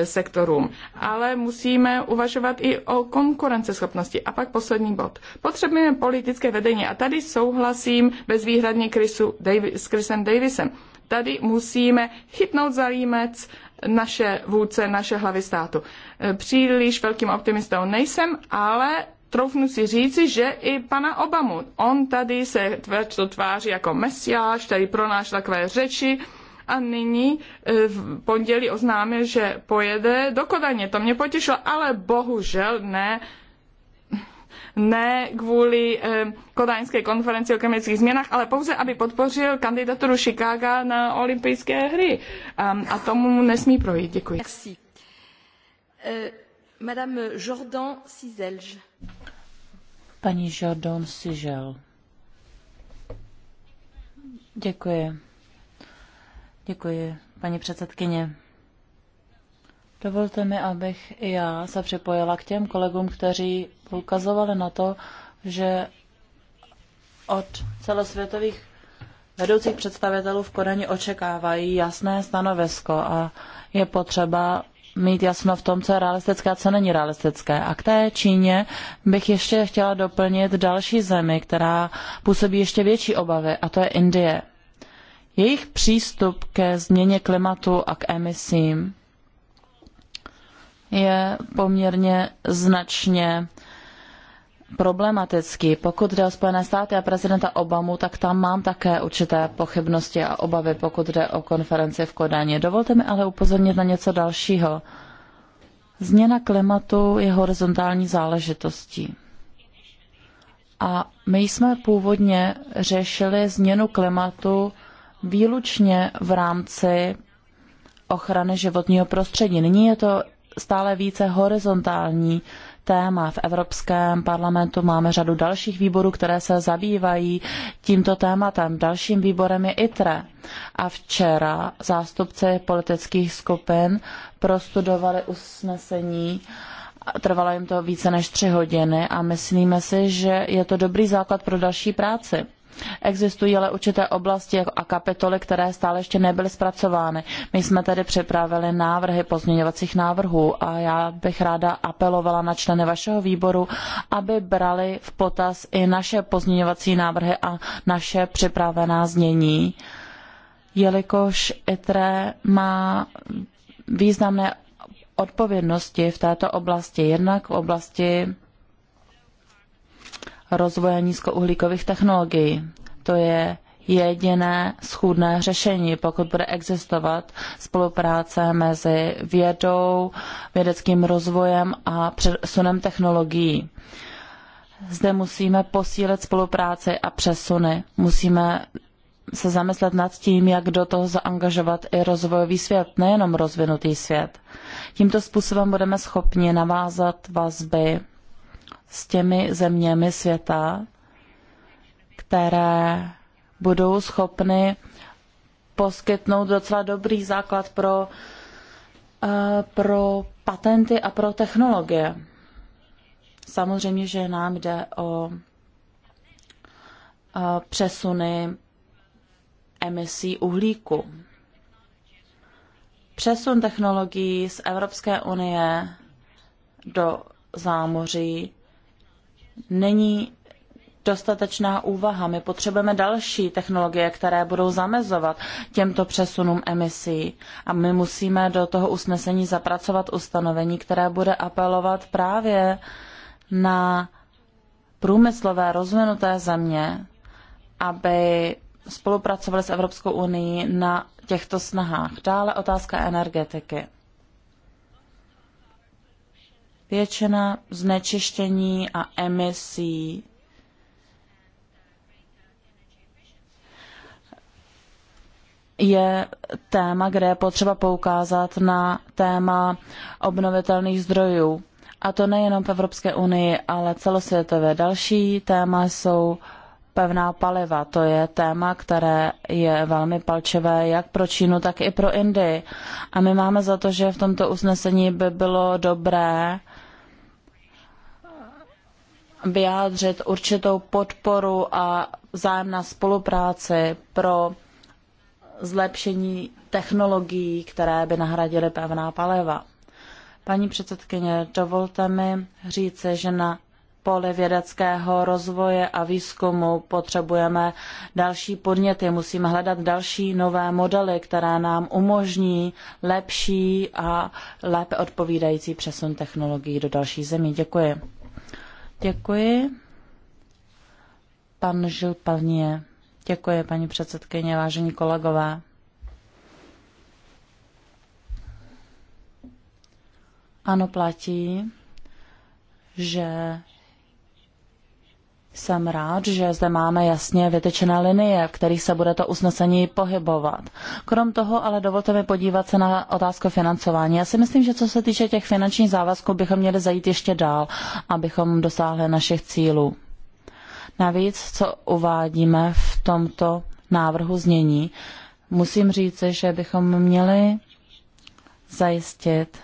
sektorům, ale musíme uvažovat i o konkurenceschopnosti. A pak poslední bod. Potřebujeme politické vedení. A tady souhlasím bezvýhradně Chrisu, Davi, s Chrisem Davisem. Tady musíme chytnout za límec naše vůdce, naše hlavy státu. E, příliš velkým optimistou nejsem, ale troufnu si říci, že i pana Obamu. On tady se to tváří jako mesiáš, tady pronáší takové řeči a nyní e, v pondělí oznámil, že pojede do Kodaně. To mě potěšilo, ale bohužel ne ne kvůli eh, kodaňské konferenci o klimatických změnách, ale pouze, aby podpořil kandidaturu Chicaga na olympijské hry. Um, a tomu nesmí projít. Děkuji. Merci. Uh, Madame Jordan Cizelge. Paní Žardon Sižel. Děkuji. Děkuji, paní předsedkyně. Dovolte mi, abych i já se připojila k těm kolegům, kteří poukazovali na to, že od celosvětových vedoucích představitelů v Koreni očekávají jasné stanovisko a je potřeba mít jasno v tom, co je realistické a co není realistické. A k té Číně bych ještě chtěla doplnit další zemi, která působí ještě větší obavy, a to je Indie. Jejich přístup ke změně klimatu a k emisím je poměrně značně problematický. Pokud jde o Spojené státy a prezidenta Obamu, tak tam mám také určité pochybnosti a obavy, pokud jde o konferenci v Kodani. Dovolte mi ale upozornit na něco dalšího. Změna klimatu je horizontální záležitostí. A my jsme původně řešili změnu klimatu výlučně v rámci ochrany životního prostředí. Nyní je to stále více horizontální téma v Evropském parlamentu. Máme řadu dalších výborů, které se zabývají tímto tématem. Dalším výborem je ITRE. A včera zástupci politických skupin prostudovali usnesení Trvalo jim to více než tři hodiny a myslíme si, že je to dobrý základ pro další práci. Existují ale určité oblasti jako- a kapitoly, které stále ještě nebyly zpracovány. My jsme tedy připravili návrhy pozměňovacích návrhů a já bych ráda apelovala na členy vašeho výboru, aby brali v potaz i naše pozměňovací návrhy a naše připravená znění, jelikož ITRE má významné odpovědnosti v této oblasti, jednak v oblasti rozvoje nízkouhlíkových technologií. To je jediné schůdné řešení, pokud bude existovat spolupráce mezi vědou, vědeckým rozvojem a přesunem technologií. Zde musíme posílit spolupráci a přesuny. Musíme se zamyslet nad tím, jak do toho zaangažovat i rozvojový svět, nejenom rozvinutý svět. Tímto způsobem budeme schopni navázat vazby s těmi zeměmi světa, které budou schopny poskytnout docela dobrý základ pro, eh, pro patenty a pro technologie. Samozřejmě, že nám jde o eh, přesuny emisí uhlíku. Přesun technologií z Evropské unie do zámoří není dostatečná úvaha. My potřebujeme další technologie, které budou zamezovat těmto přesunům emisí. A my musíme do toho usnesení zapracovat ustanovení, které bude apelovat právě na průmyslové rozvinuté země, aby spolupracovali s Evropskou unii na těchto snahách. Dále otázka energetiky. Většina znečištění a emisí je téma, kde je potřeba poukázat na téma obnovitelných zdrojů. A to nejenom v Evropské unii, ale celosvětově. Další téma jsou pevná paliva. To je téma, které je velmi palčivé jak pro Čínu, tak i pro Indii. A my máme za to, že v tomto usnesení by bylo dobré vyjádřit určitou podporu a vzájemná spolupráce pro zlepšení technologií, které by nahradily pevná paliva. Paní předsedkyně, dovolte mi říci, že na poli vědeckého rozvoje a výzkumu potřebujeme další podněty, musíme hledat další nové modely, které nám umožní lepší a lépe odpovídající přesun technologií do dalších zemí. Děkuji. Děkuji. Pan Žil Palnie. Děkuji, paní předsedkyně, vážení kolegové. Ano, platí, že jsem rád, že zde máme jasně vytečené linie, v kterých se bude to usnesení pohybovat. Krom toho ale dovolte mi podívat se na otázku financování. Já si myslím, že co se týče těch finančních závazků, bychom měli zajít ještě dál, abychom dosáhli našich cílů. Navíc, co uvádíme v tomto návrhu znění, musím říct, že bychom měli zajistit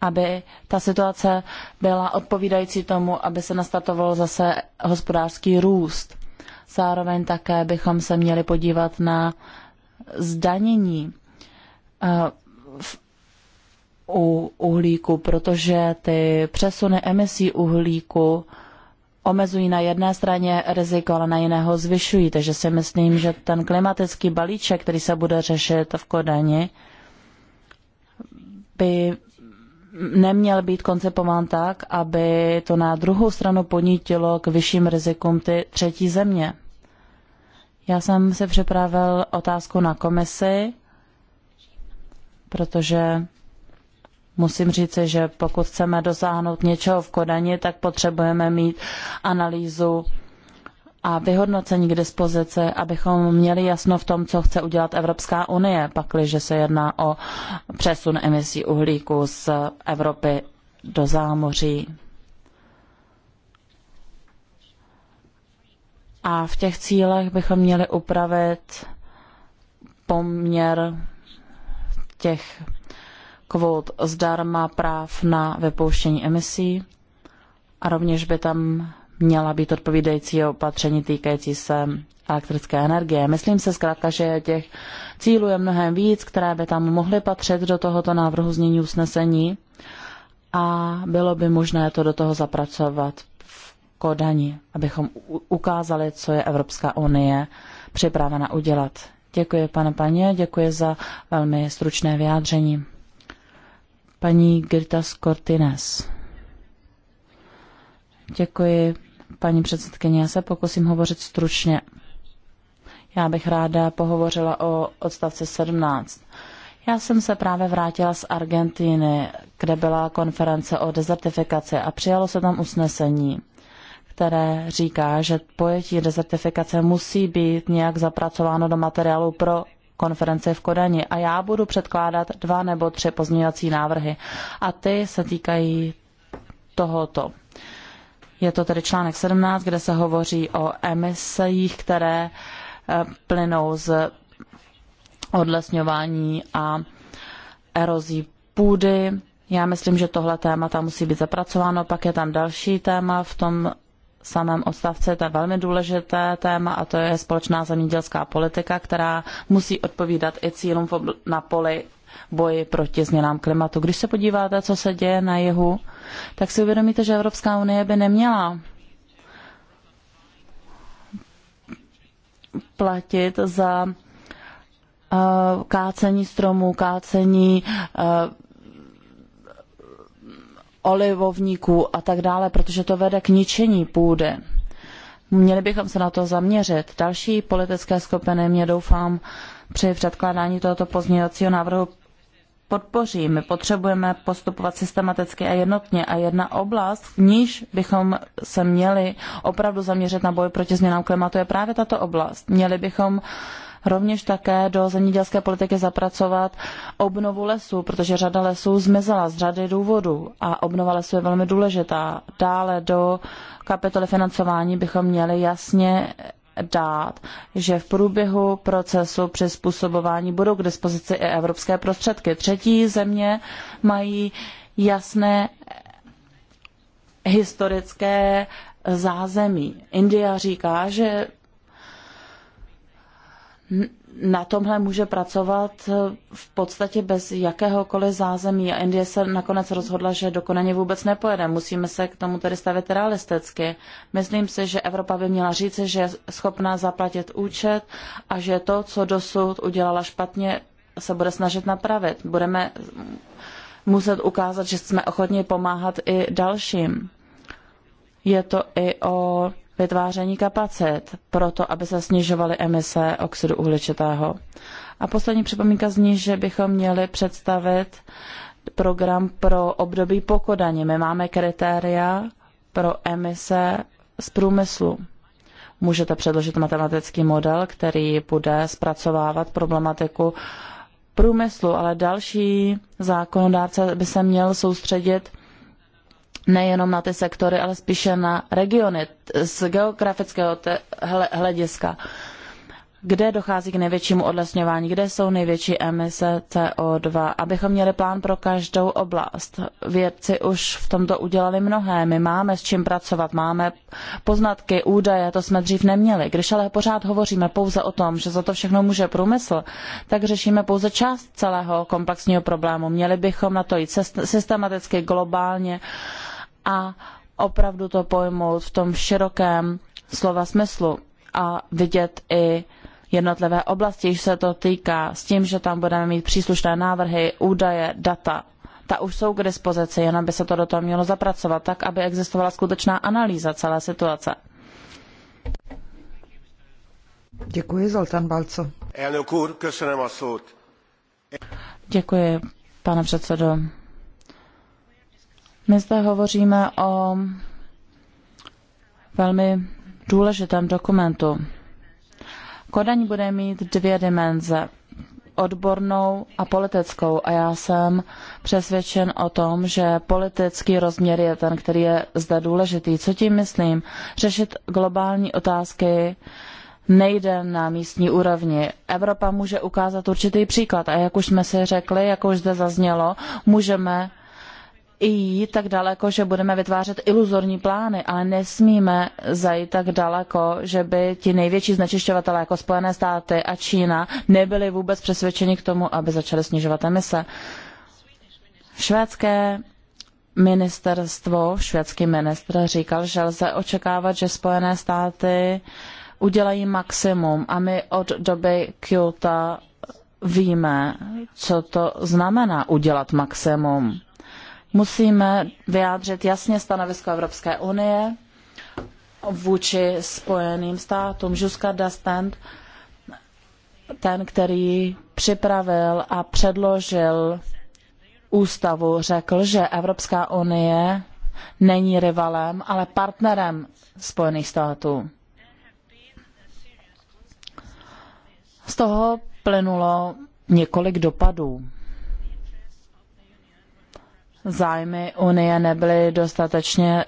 aby ta situace byla odpovídající tomu, aby se nastartoval zase hospodářský růst. Zároveň také bychom se měli podívat na zdanění eh, u uhlíku, protože ty přesuny emisí uhlíku omezují na jedné straně riziko, ale na jiného zvyšují. Takže si myslím, že ten klimatický balíček, který se bude řešit v Kodani, by neměl být koncipován tak, aby to na druhou stranu podnítilo k vyšším rizikům ty třetí země. Já jsem si připravil otázku na komisi, protože musím říci, že pokud chceme dosáhnout něčeho v Kodani, tak potřebujeme mít analýzu a vyhodnocení k dispozici, abychom měli jasno v tom, co chce udělat Evropská unie, pakliže se jedná o přesun emisí uhlíku z Evropy do zámoří. A v těch cílech bychom měli upravit poměr těch kvót zdarma práv na vypouštění emisí a rovněž by tam měla být odpovídající opatření týkající se elektrické energie. Myslím se zkrátka, že těch cílů je mnohem víc, které by tam mohly patřit do tohoto návrhu znění usnesení a bylo by možné to do toho zapracovat v Kodani, abychom ukázali, co je Evropská unie připravena udělat. Děkuji, pane paně, děkuji za velmi stručné vyjádření. Paní Girtas Cortines. Děkuji, paní předsedkyně. Já se pokusím hovořit stručně. Já bych ráda pohovořila o odstavci 17. Já jsem se právě vrátila z Argentiny, kde byla konference o dezertifikaci a přijalo se tam usnesení, které říká, že pojetí dezertifikace musí být nějak zapracováno do materiálu pro konference v Kodani a já budu předkládat dva nebo tři pozměňovací návrhy a ty se týkají tohoto. Je to tedy článek 17, kde se hovoří o emisích, které eh, plynou z odlesňování a erozí půdy. Já myslím, že tohle téma tam musí být zapracováno. Pak je tam další téma v tom samém odstavci, to je velmi důležité téma a to je společná zemědělská politika, která musí odpovídat i cílům na poli boji proti změnám klimatu. Když se podíváte, co se děje na jihu, tak si uvědomíte, že Evropská unie by neměla platit za uh, kácení stromů, kácení uh, olivovníků a tak dále, protože to vede k ničení půdy. Měli bychom se na to zaměřit. Další politické skupiny mě doufám při předkládání tohoto pozměňovacího návrhu podpořím. My potřebujeme postupovat systematicky a jednotně a jedna oblast, v níž bychom se měli opravdu zaměřit na boj proti změnám klimatu, je právě tato oblast. Měli bychom rovněž také do zemědělské politiky zapracovat obnovu lesů, protože řada lesů zmizela z řady důvodů a obnova lesů je velmi důležitá. Dále do kapitoly financování bychom měli jasně dát, že v průběhu procesu přizpůsobování budou k dispozici i evropské prostředky. Třetí země mají jasné historické zázemí. India říká, že na tomhle může pracovat eh, v podstatě bez jakéhokoliv zázemí a Indie se nakonec rozhodla, že do Konaně vůbec nepojede. Musíme se k tomu tedy stavit realisticky. Myslím si, že Evropa by měla říci, že je schopná zaplatit účet a že to, co dosud udělala špatně, se bude snažit napravit. Budeme muset ukázat, že jsme ochotni pomáhat i dalším. Je to i o vytváření kapacit proto, aby se snižovaly emise oxidu uhličitého. A poslední připomínka zní, že bychom měli představit program pro období po Kodani. My máme kritéria pro emise z průmyslu. Můžete předložit matematický model, který bude zpracovávat problematiku průmyslu, ale další zákonodárce by se měl soustředit nejenom na ty sektory, ale spíše na regiony z geografického hlediska. Kde dochází k největšímu odlesňování, kde jsou největší emise CO2, abychom měli plán pro každou oblast. Vědci už v tomto udělali mnohé, my máme s čím pracovat, máme poznatky, údaje, to jsme dřív neměli. Když ale pořád hovoříme pouze o tom, že za to všechno může průmysl, tak řešíme pouze část celého komplexního problému. Měli bychom na to jít systematicky, globálně a opravdu to pojmout v tom širokém slova smyslu a vidět i jednotlivé oblasti, když se to týká, s tím, že tam budeme mít příslušné návrhy, údaje, data. Ta už jsou k dispozici, jenom by se to do toho mělo zapracovat tak, aby existovala skutečná analýza celé situace. Děkuji, Zoltán Balco. Děkuji, pane předsedo. My zde hovoříme o velmi důležitém dokumentu. Kodaň bude mít dvě dimenze odbornou a politickou a já jsem přesvědčen o tom, že politický rozměr je ten, který je zde důležitý. Co tím myslím? Řešit globální otázky nejde na místní úrovni. Evropa může ukázat určitý příklad a jak už jsme si řekli, jak už zde zaznělo, můžeme i jít tak daleko, že budeme vytvářet iluzorní plány, ale nesmíme zajít tak daleko, že by ti největší znečišťovatelé jako Spojené státy a Čína nebyli vůbec přesvědčeni k tomu, aby začali snižovat emise. Švédské ministerstvo, švédský ministr říkal, že lze očekávat, že Spojené státy udělají maximum a my od doby Kyoto víme, co to znamená udělat maximum. Musíme vyjádřit jasně stanovisko Evropské unie vůči spojeným státům. Žuska dastend, ten, který připravil a předložil ústavu, řekl, že Evropská unie není rivalem, ale partnerem Spojených států. Z toho plynulo několik dopadů zájmy Unie nebyly dostatečně,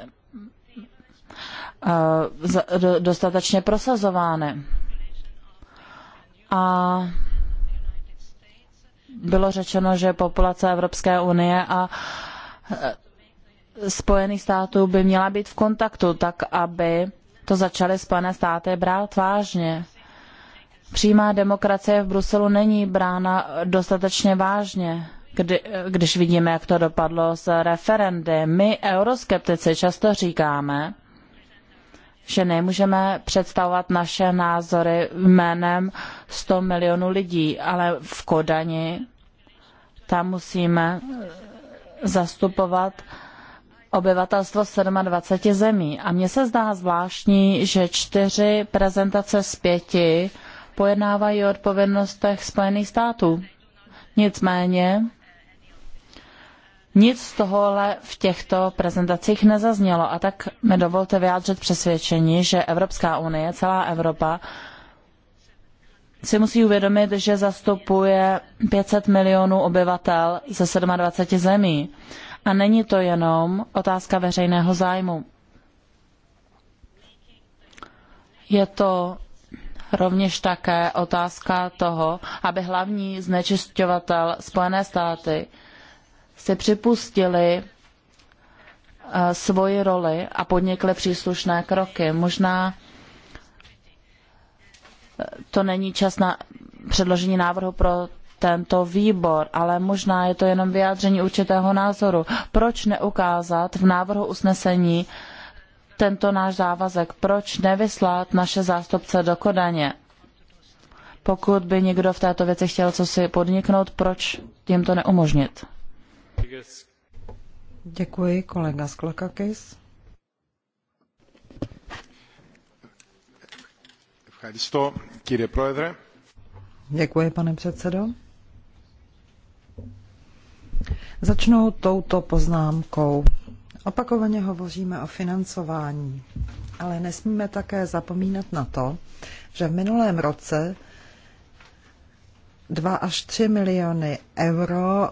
eh, dostatečně prosazovány. A bylo řečeno, že populace Evropské unie a eh, Spojených států by měla být v kontaktu, tak aby to začaly Spojené státy brát vážně. Přímá demokracie v Bruselu není brána dostatečně vážně kdy, když vidíme, jak to dopadlo s referendy. My, euroskeptici, často říkáme, že nemůžeme představovat naše názory jménem 100 milionů lidí, ale v Kodani tam musíme zastupovat obyvatelstvo 27 zemí. A mně se zdá zvláštní, že čtyři prezentace z pěti pojednávají o odpovědnostech Spojených států. Nicméně nic z toho ale v těchto prezentacích nezaznělo a tak mi dovolte vyjádřit přesvědčení, že Evropská unie, celá Evropa, si musí uvědomit, že zastupuje 500 milionů obyvatel ze 27 zemí. A není to jenom otázka veřejného zájmu. Je to rovněž také otázka toho, aby hlavní znečišťovatel Spojené státy si připustili eh, svoji roli a podnikli příslušné kroky. Možná eh, to není čas na předložení návrhu pro tento výbor, ale možná je to jenom vyjádření určitého názoru. Proč neukázat v návrhu usnesení tento náš závazek? Proč nevyslat naše zástupce do Kodaně? Pokud by někdo v této věci chtěl co si podniknout, proč jim to neumožnit? Děkuji, kolega Sklakakis. Děkuji, pane předsedo. Začnu touto poznámkou. Opakovaně hovoříme o financování, ale nesmíme také zapomínat na to, že v minulém roce 2 až 3 miliony euro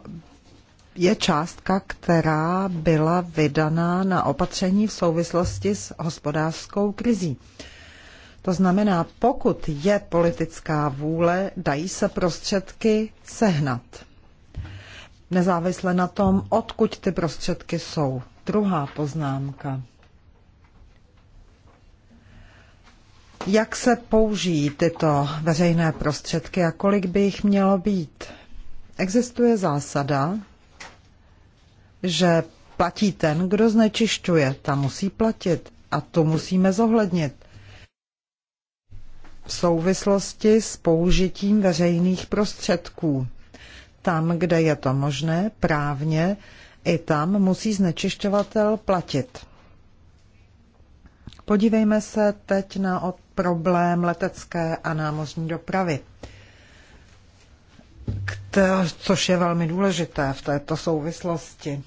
je částka, která byla vydaná na opatření v souvislosti s hospodářskou krizí. To znamená, pokud je politická vůle, dají se prostředky sehnat. Nezávisle na tom, odkud ty prostředky jsou. Druhá poznámka. Jak se použijí tyto veřejné prostředky a kolik by jich mělo být? Existuje zásada, že platí ten, kdo znečišťuje. Ta musí platit a to musíme zohlednit. V souvislosti s použitím veřejných prostředků. Tam, kde je to možné právně, i tam musí znečišťovatel platit. Podívejme se teď na problém letecké a námořní dopravy což je velmi důležité v této souvislosti.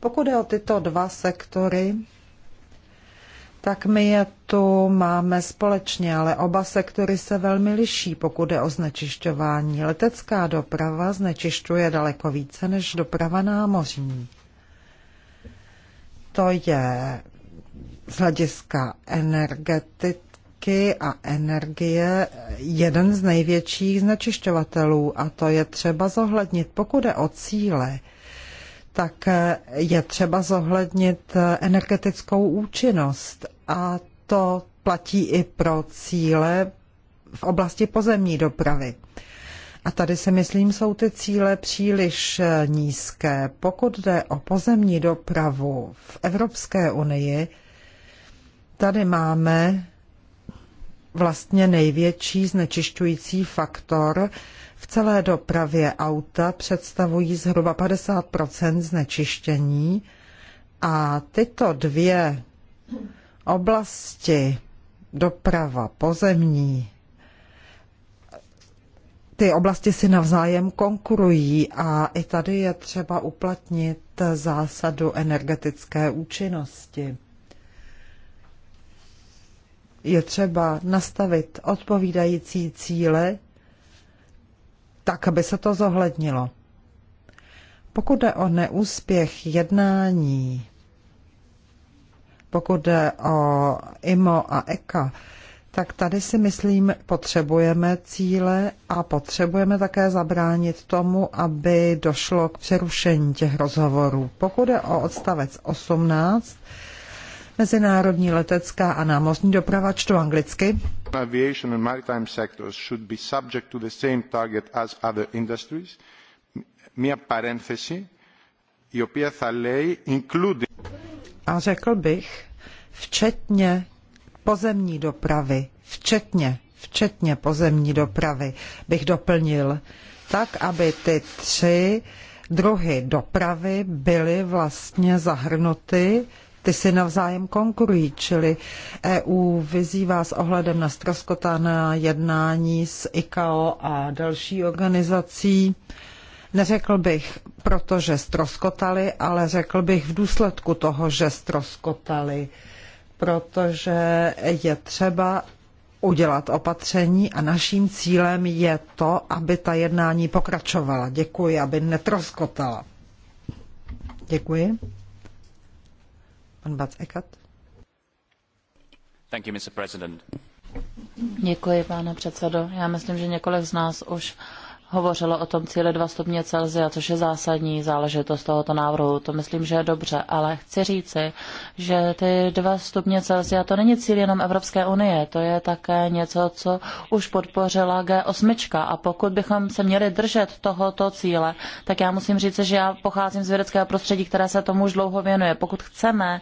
Pokud je o tyto dva sektory, tak my je tu máme společně, ale oba sektory se velmi liší, pokud je o znečišťování. Letecká doprava znečišťuje daleko více než doprava námořní. To je z hlediska energetiky látky a energie jeden z největších znečišťovatelů a to je třeba zohlednit. Pokud je o cíle, tak je třeba zohlednit energetickou účinnost a to platí i pro cíle v oblasti pozemní dopravy. A tady si myslím, jsou ty cíle příliš nízké. Pokud jde o pozemní dopravu v Evropské unii, tady máme vlastně největší znečišťující faktor. V celé dopravě auta představují zhruba 50 znečištění a tyto dvě oblasti, doprava pozemní, ty oblasti si navzájem konkurují a i tady je třeba uplatnit zásadu energetické účinnosti je třeba nastavit odpovídající cíle, tak, aby se to zohlednilo. Pokud jde o neúspěch jednání, pokud jde o IMO a ECA, tak tady si myslím, potřebujeme cíle a potřebujeme také zabránit tomu, aby došlo k přerušení těch rozhovorů. Pokud je o odstavec 18, Mezinárodní letecká a námořní doprava čtu anglicky. Aviation and maritime sectors should be subject to the same target as other industries. Μια παρένθεση, η οποία θα λέει including... A řekl bych, včetně pozemní dopravy, včetně, včetně pozemní dopravy, bych doplnil, tak, aby ty tři druhy dopravy byly vlastně zahrnuty ty si navzájem konkurují, čili EU vyzývá s ohledem na ztroskotaná jednání s ICAO a další organizací. Neřekl bych, protože stroskotali, ale řekl bych v důsledku toho, že stroskotali, protože je třeba udělat opatření a naším cílem je to, aby ta jednání pokračovala. Děkuji, aby netroskotala. Děkuji. Pan Bac Ekat. Děkuji, pane předsedo. Já myslím, že několik z nás už hovořilo o tom cíli 2 stupně Celsia, což je zásadní záležitost tohoto návrhu. To myslím, že je dobře, ale chci říci, že ty 2 stupně Celsia to není cíl jenom Evropské unie, to je také něco, co už podpořila G8. A pokud bychom se měli držet tohoto cíle, tak já musím říci, že já pocházím z vědeckého prostředí, které se tomu už dlouho věnuje. Pokud chceme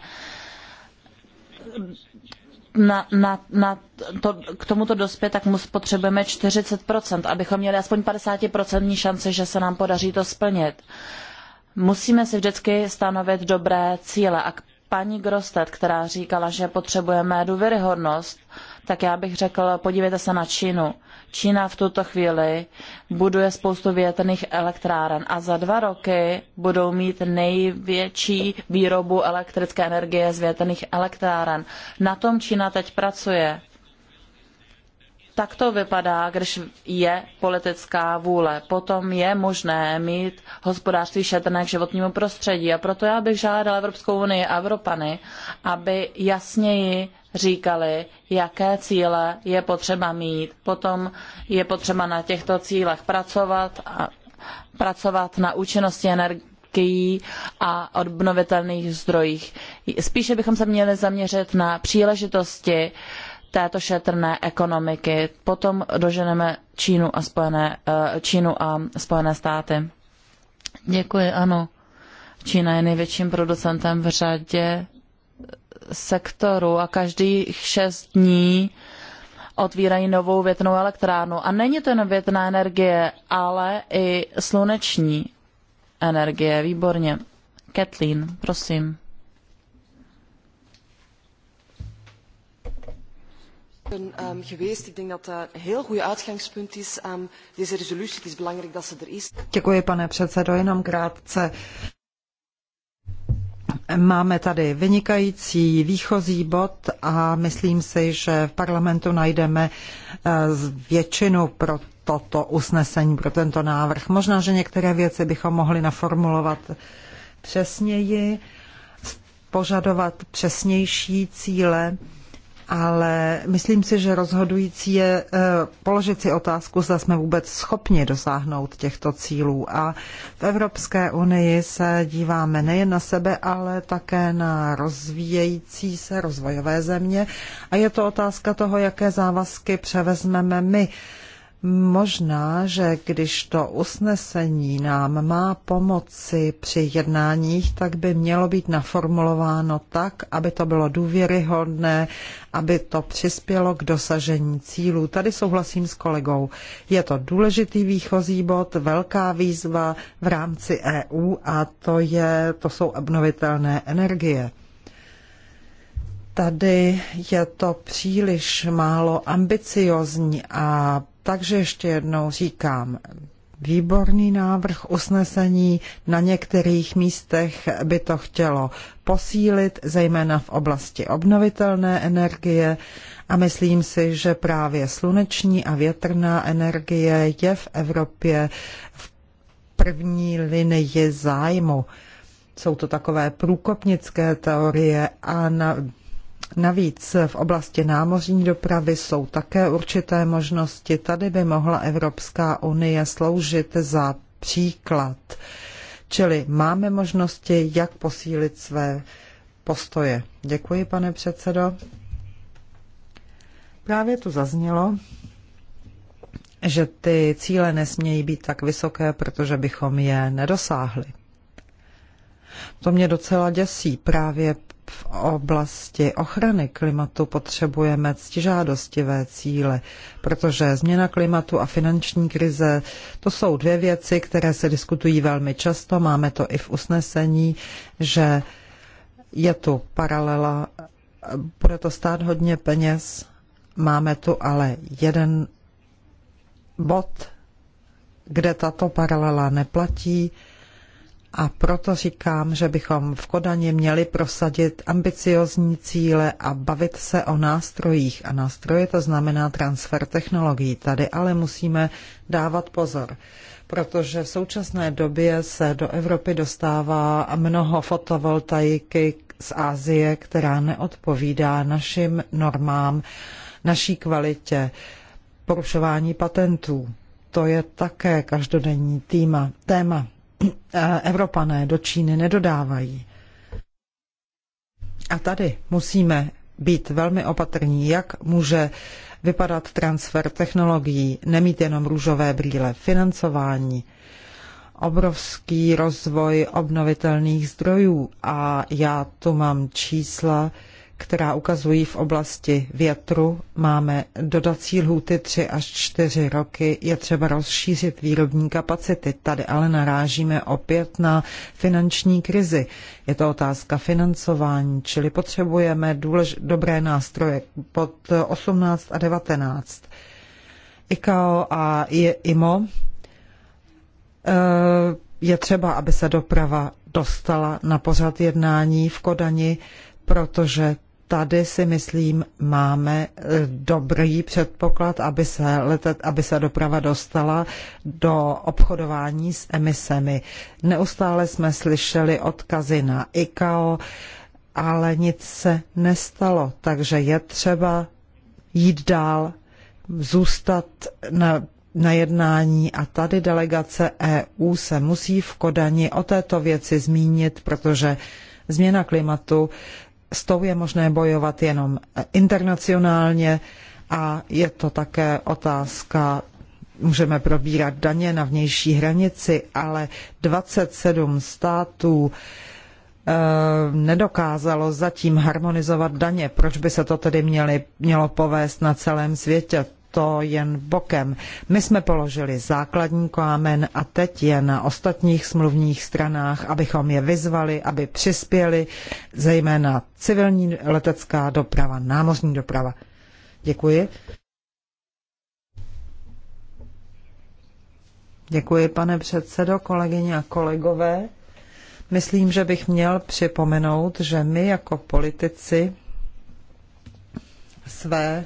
na, na, na to, k tomuto dospět, tak potřebujeme 40%, abychom měli aspoň 50% šance, že se nám podaří to splnit. Musíme si vždycky stanovit dobré cíle. A k paní Grostet, která říkala, že potřebujeme důvěryhodnost, tak já bych řekl, podívejte se na Čínu. Čína v tuto chvíli buduje spoustu větrných elektráren a za dva roky budou mít největší výrobu elektrické energie z větrných elektráren. Na tom Čína teď pracuje tak to vypadá, když je politická vůle. Potom je možné mít hospodářství šetrné k životnímu prostředí. A proto já bych žádala Evropskou unii a Evropany, aby jasněji říkali, jaké cíle je potřeba mít. Potom je potřeba na těchto cílech pracovat a pracovat na účinnosti energií a obnovitelných zdrojích. Spíše bychom se měli zaměřit na příležitosti, uh, této šetrné ekonomiky. Potom doženeme Čínu a Spojené, eh, Čínu a Spojené státy. Děkuji, ano. Čína je největším producentem v řadě sektoru a každých šest dní otvírají novou větrnou elektrárnu. A není to jenom větrná energie, ale i sluneční energie. Výborně. Kathleen, prosím. Um, geweest. Ik denk dat dat een heel goed uitgangspunt is. Um, deze resolutie, het is belangrijk dat ze er is. Děkuji, pane předsedo, jenom krátce. Máme tady vynikající výchozí bod a myslím si, že v parlamentu najdeme eh, většinu pro toto usnesení, pro tento návrh. Možná, že některé věci bychom mohli naformulovat přesněji, požadovat přesnější cíle ale myslím si, že rozhodující je eh, položit si otázku, zda jsme vůbec schopni dosáhnout těchto cílů. A v Evropské unii se díváme nejen na sebe, ale také na rozvíjející se rozvojové země. A je to otázka toho, jaké závazky převezmeme my. Možná, že když to usnesení nám má pomoci při jednáních, tak by mělo být naformulováno tak, aby to bylo důvěryhodné, aby to přispělo k dosažení cílů. Tady souhlasím s kolegou. Je to důležitý výchozí bod, velká výzva v rámci EU a to, je, to jsou obnovitelné energie tady je to příliš málo ambiciozní a takže ještě jednou říkám, výborný návrh usnesení. Na některých místech by to chtělo posílit, zejména v oblasti obnovitelné energie a myslím si, že právě sluneční a větrná energie je v Evropě v první linii zájmu. Jsou to takové průkopnické teorie a na, Navíc v oblasti námořní dopravy jsou také určité možnosti. Tady by mohla Evropská unie sloužit za příklad. Čili máme možnosti, jak posílit své postoje. Děkuji, pane předsedo. Právě tu zaznělo, že ty cíle nesmějí být tak vysoké, protože bychom je nedosáhli. To mě docela děsí. Právě v oblasti ochrany klimatu potřebujeme ctižádostivé cíle, protože změna klimatu a finanční krize to jsou dvě věci, které se diskutují velmi často. Máme to i v usnesení, že je tu paralela, bude to stát hodně peněz, máme tu ale jeden bod, kde tato paralela neplatí a proto říkám, že bychom v Kodani měli prosadit ambiciozní cíle a bavit se o nástrojích. A nástroje to znamená transfer technologií. Tady ale musíme dávat pozor, protože v současné době se do Evropy dostává mnoho fotovoltaiky z Asie, která neodpovídá našim normám, naší kvalitě, porušování patentů. To je také každodenní týma, téma. Eh, Evropané do Číny nedodávají. A tady musíme být velmi opatrní, jak může vypadat transfer technologií, nemít jenom růžové brýle, financování, obrovský rozvoj obnovitelných zdrojů a já tu mám čísla, která ukazují v oblasti větru. Máme dodací lhůty 3 až 4 roky. Je třeba rozšířit výrobní kapacity. Tady ale narážíme opět na finanční krizi. Je to otázka financování, čili potřebujeme důlež- dobré nástroje pod 18 a 19. ICAO a IMO eh, je třeba, aby se doprava dostala na pořad jednání v Kodani, protože tady si myslím, máme eh, dobrý předpoklad, aby se, letet, aby se doprava dostala do obchodování s emisemi. Neustále jsme slyšeli odkazy na ICAO, ale nic se nestalo, takže je třeba jít dál, zůstat na na jednání a tady delegace EU se musí v Kodani o této věci zmínit, protože změna klimatu s tou je možné bojovat jenom internacionálně a je to také otázka můžeme probírat daně na vnější hranici, ale 27 států eh, nedokázalo zatím harmonizovat daně. Proč by se to tedy měli, mělo povést na celém světě? to jen bokem. My jsme položili základní kámen a teď je na ostatních smluvních stranách, abychom je vyzvali, aby přispěli, zejména civilní letecká doprava, námořní doprava. Děkuji. Děkuji, pane předsedo, kolegyně a kolegové. Myslím, že bych měl připomenout, že my jako politici své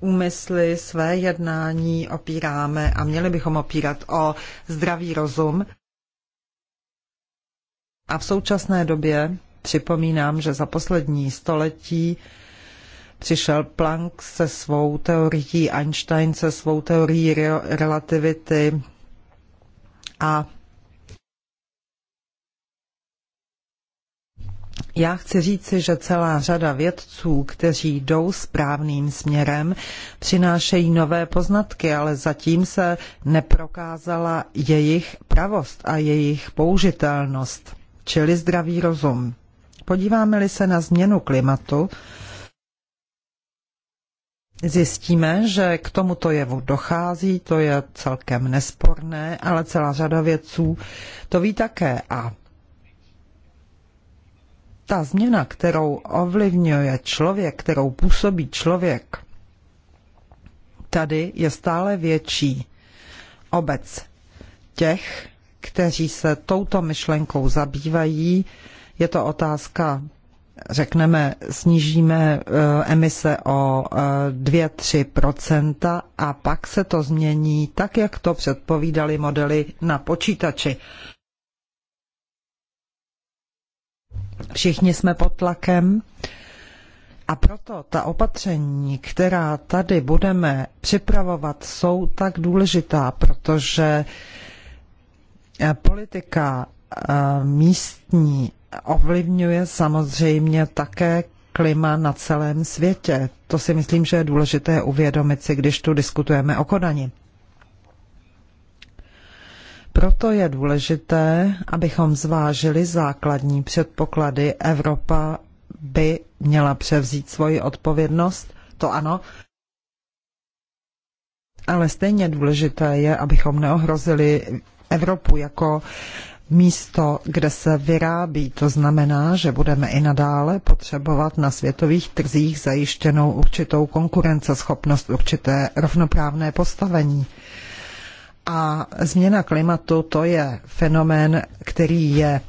úmysly, své jednání opíráme a měli bychom opírat o zdravý rozum. A v současné době připomínám, že za poslední století přišel Planck se svou teorií, Einstein se svou teorií relativity a Já chci říci, že celá řada vědců, kteří jdou správným směrem, přinášejí nové poznatky, ale zatím se neprokázala jejich pravost a jejich použitelnost, čili zdravý rozum. Podíváme-li se na změnu klimatu, Zjistíme, že k tomuto jevu dochází, to je celkem nesporné, ale celá řada vědců to ví také a ta změna, kterou ovlivňuje člověk, kterou působí člověk, tady je stále větší obec těch, kteří se touto myšlenkou zabývají. Je to otázka, řekneme, snížíme eh, emise o 2-3 eh, a pak se to změní tak, jak to předpovídali modely na počítači. Všichni jsme pod tlakem. A proto ta opatření, která tady budeme připravovat, jsou tak důležitá, protože eh, politika eh, místní ovlivňuje samozřejmě také klima na celém světě. To si myslím, že je důležité uvědomit si, když tu diskutujeme o Kodani. Proto je důležité, abychom zvážili základní předpoklady. Evropa by měla převzít svoji odpovědnost, to ano, ale stejně důležité je, abychom neohrozili Evropu jako místo, kde se vyrábí. To znamená, že budeme i nadále potřebovat na světových trzích zajištěnou určitou konkurenceschopnost, určité rovnoprávné postavení. A změna klimatu to je fenomén, který je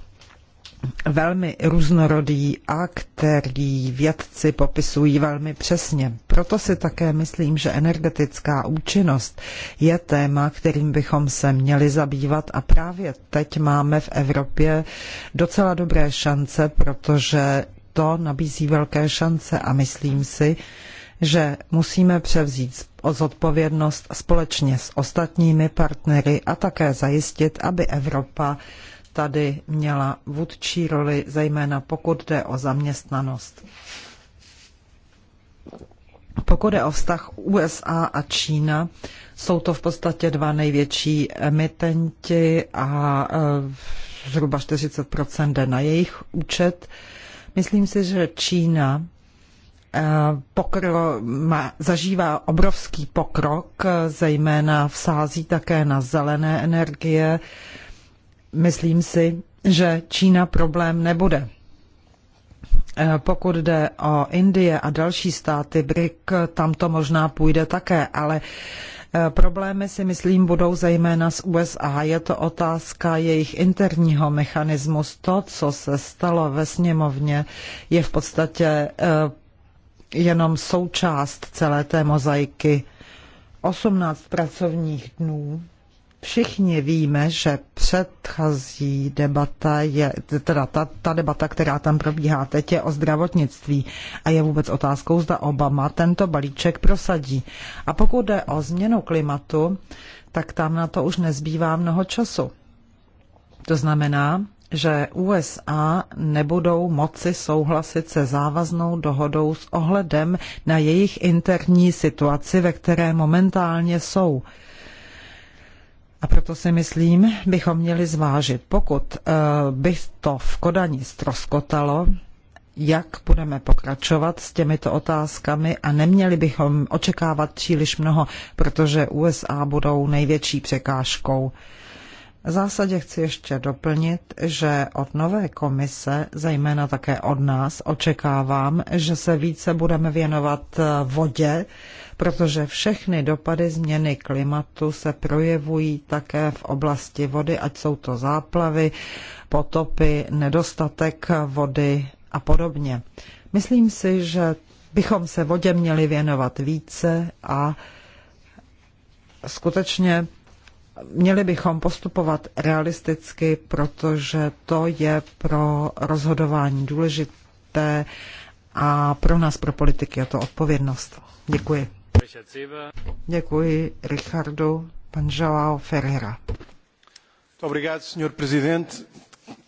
velmi různorodý a který vědci popisují velmi přesně. Proto si také myslím, že energetická účinnost je téma, kterým bychom se měli zabývat a právě teď máme v Evropě docela dobré šance, protože to nabízí velké šance a myslím si, že musíme převzít zodpovědnost společně s ostatními partnery a také zajistit, aby Evropa tady měla vůdčí roli, zejména pokud jde o zaměstnanost. Pokud jde o vztah USA a Čína, jsou to v podstatě dva největší emitenti a e, zhruba 40 jde na jejich účet. Myslím si, že Čína Eh, pokro, zažívá obrovský pokrok, eh, zejména vsází také na zelené energie. Myslím si, že Čína problém nebude. Eh, pokud jde o Indie a další státy BRIC, tam to možná půjde také, ale problémy si myslím budou zejména z USA. Je to otázka jejich interního mechanismu. To, co se stalo ve sněmovně, je v podstatě jenom součást celé té mozaiky. 18 pracovních dnů. Všichni víme, že předchozí debata je, teda ta, ta debata, která tam probíhá teď, je o zdravotnictví a je vůbec otázkou, zda Obama tento balíček prosadí. A pokud jde o změnu klimatu, tak tam na to už nezbývá mnoho času. To znamená, že USA nebudou moci souhlasit se závaznou dohodou s ohledem na jejich interní situaci, ve které momentálně jsou. A proto si myslím, bychom měli zvážit, pokud eh, by to v Kodani stroskotalo, jak budeme pokračovat s těmito otázkami a neměli bychom očekávat příliš mnoho, protože USA budou největší překážkou. Uh, v zásadě chci ještě doplnit, že od nové komise, zejména také od nás, očekávám, že se více budeme věnovat eh, vodě, protože všechny dopady změny klimatu se projevují také v oblasti vody, ať jsou to záplavy, potopy, nedostatek vody a podobně. Myslím si, že bychom se vodě měli věnovat více a skutečně Měli bychom postupovat realisticky, protože to je pro rozhodování důležité a pro nás, pro politiky, je to odpovědnost. Děkuji. Děkuji Richardu Panžalao Ferreira. Obrigado, senhor presidente,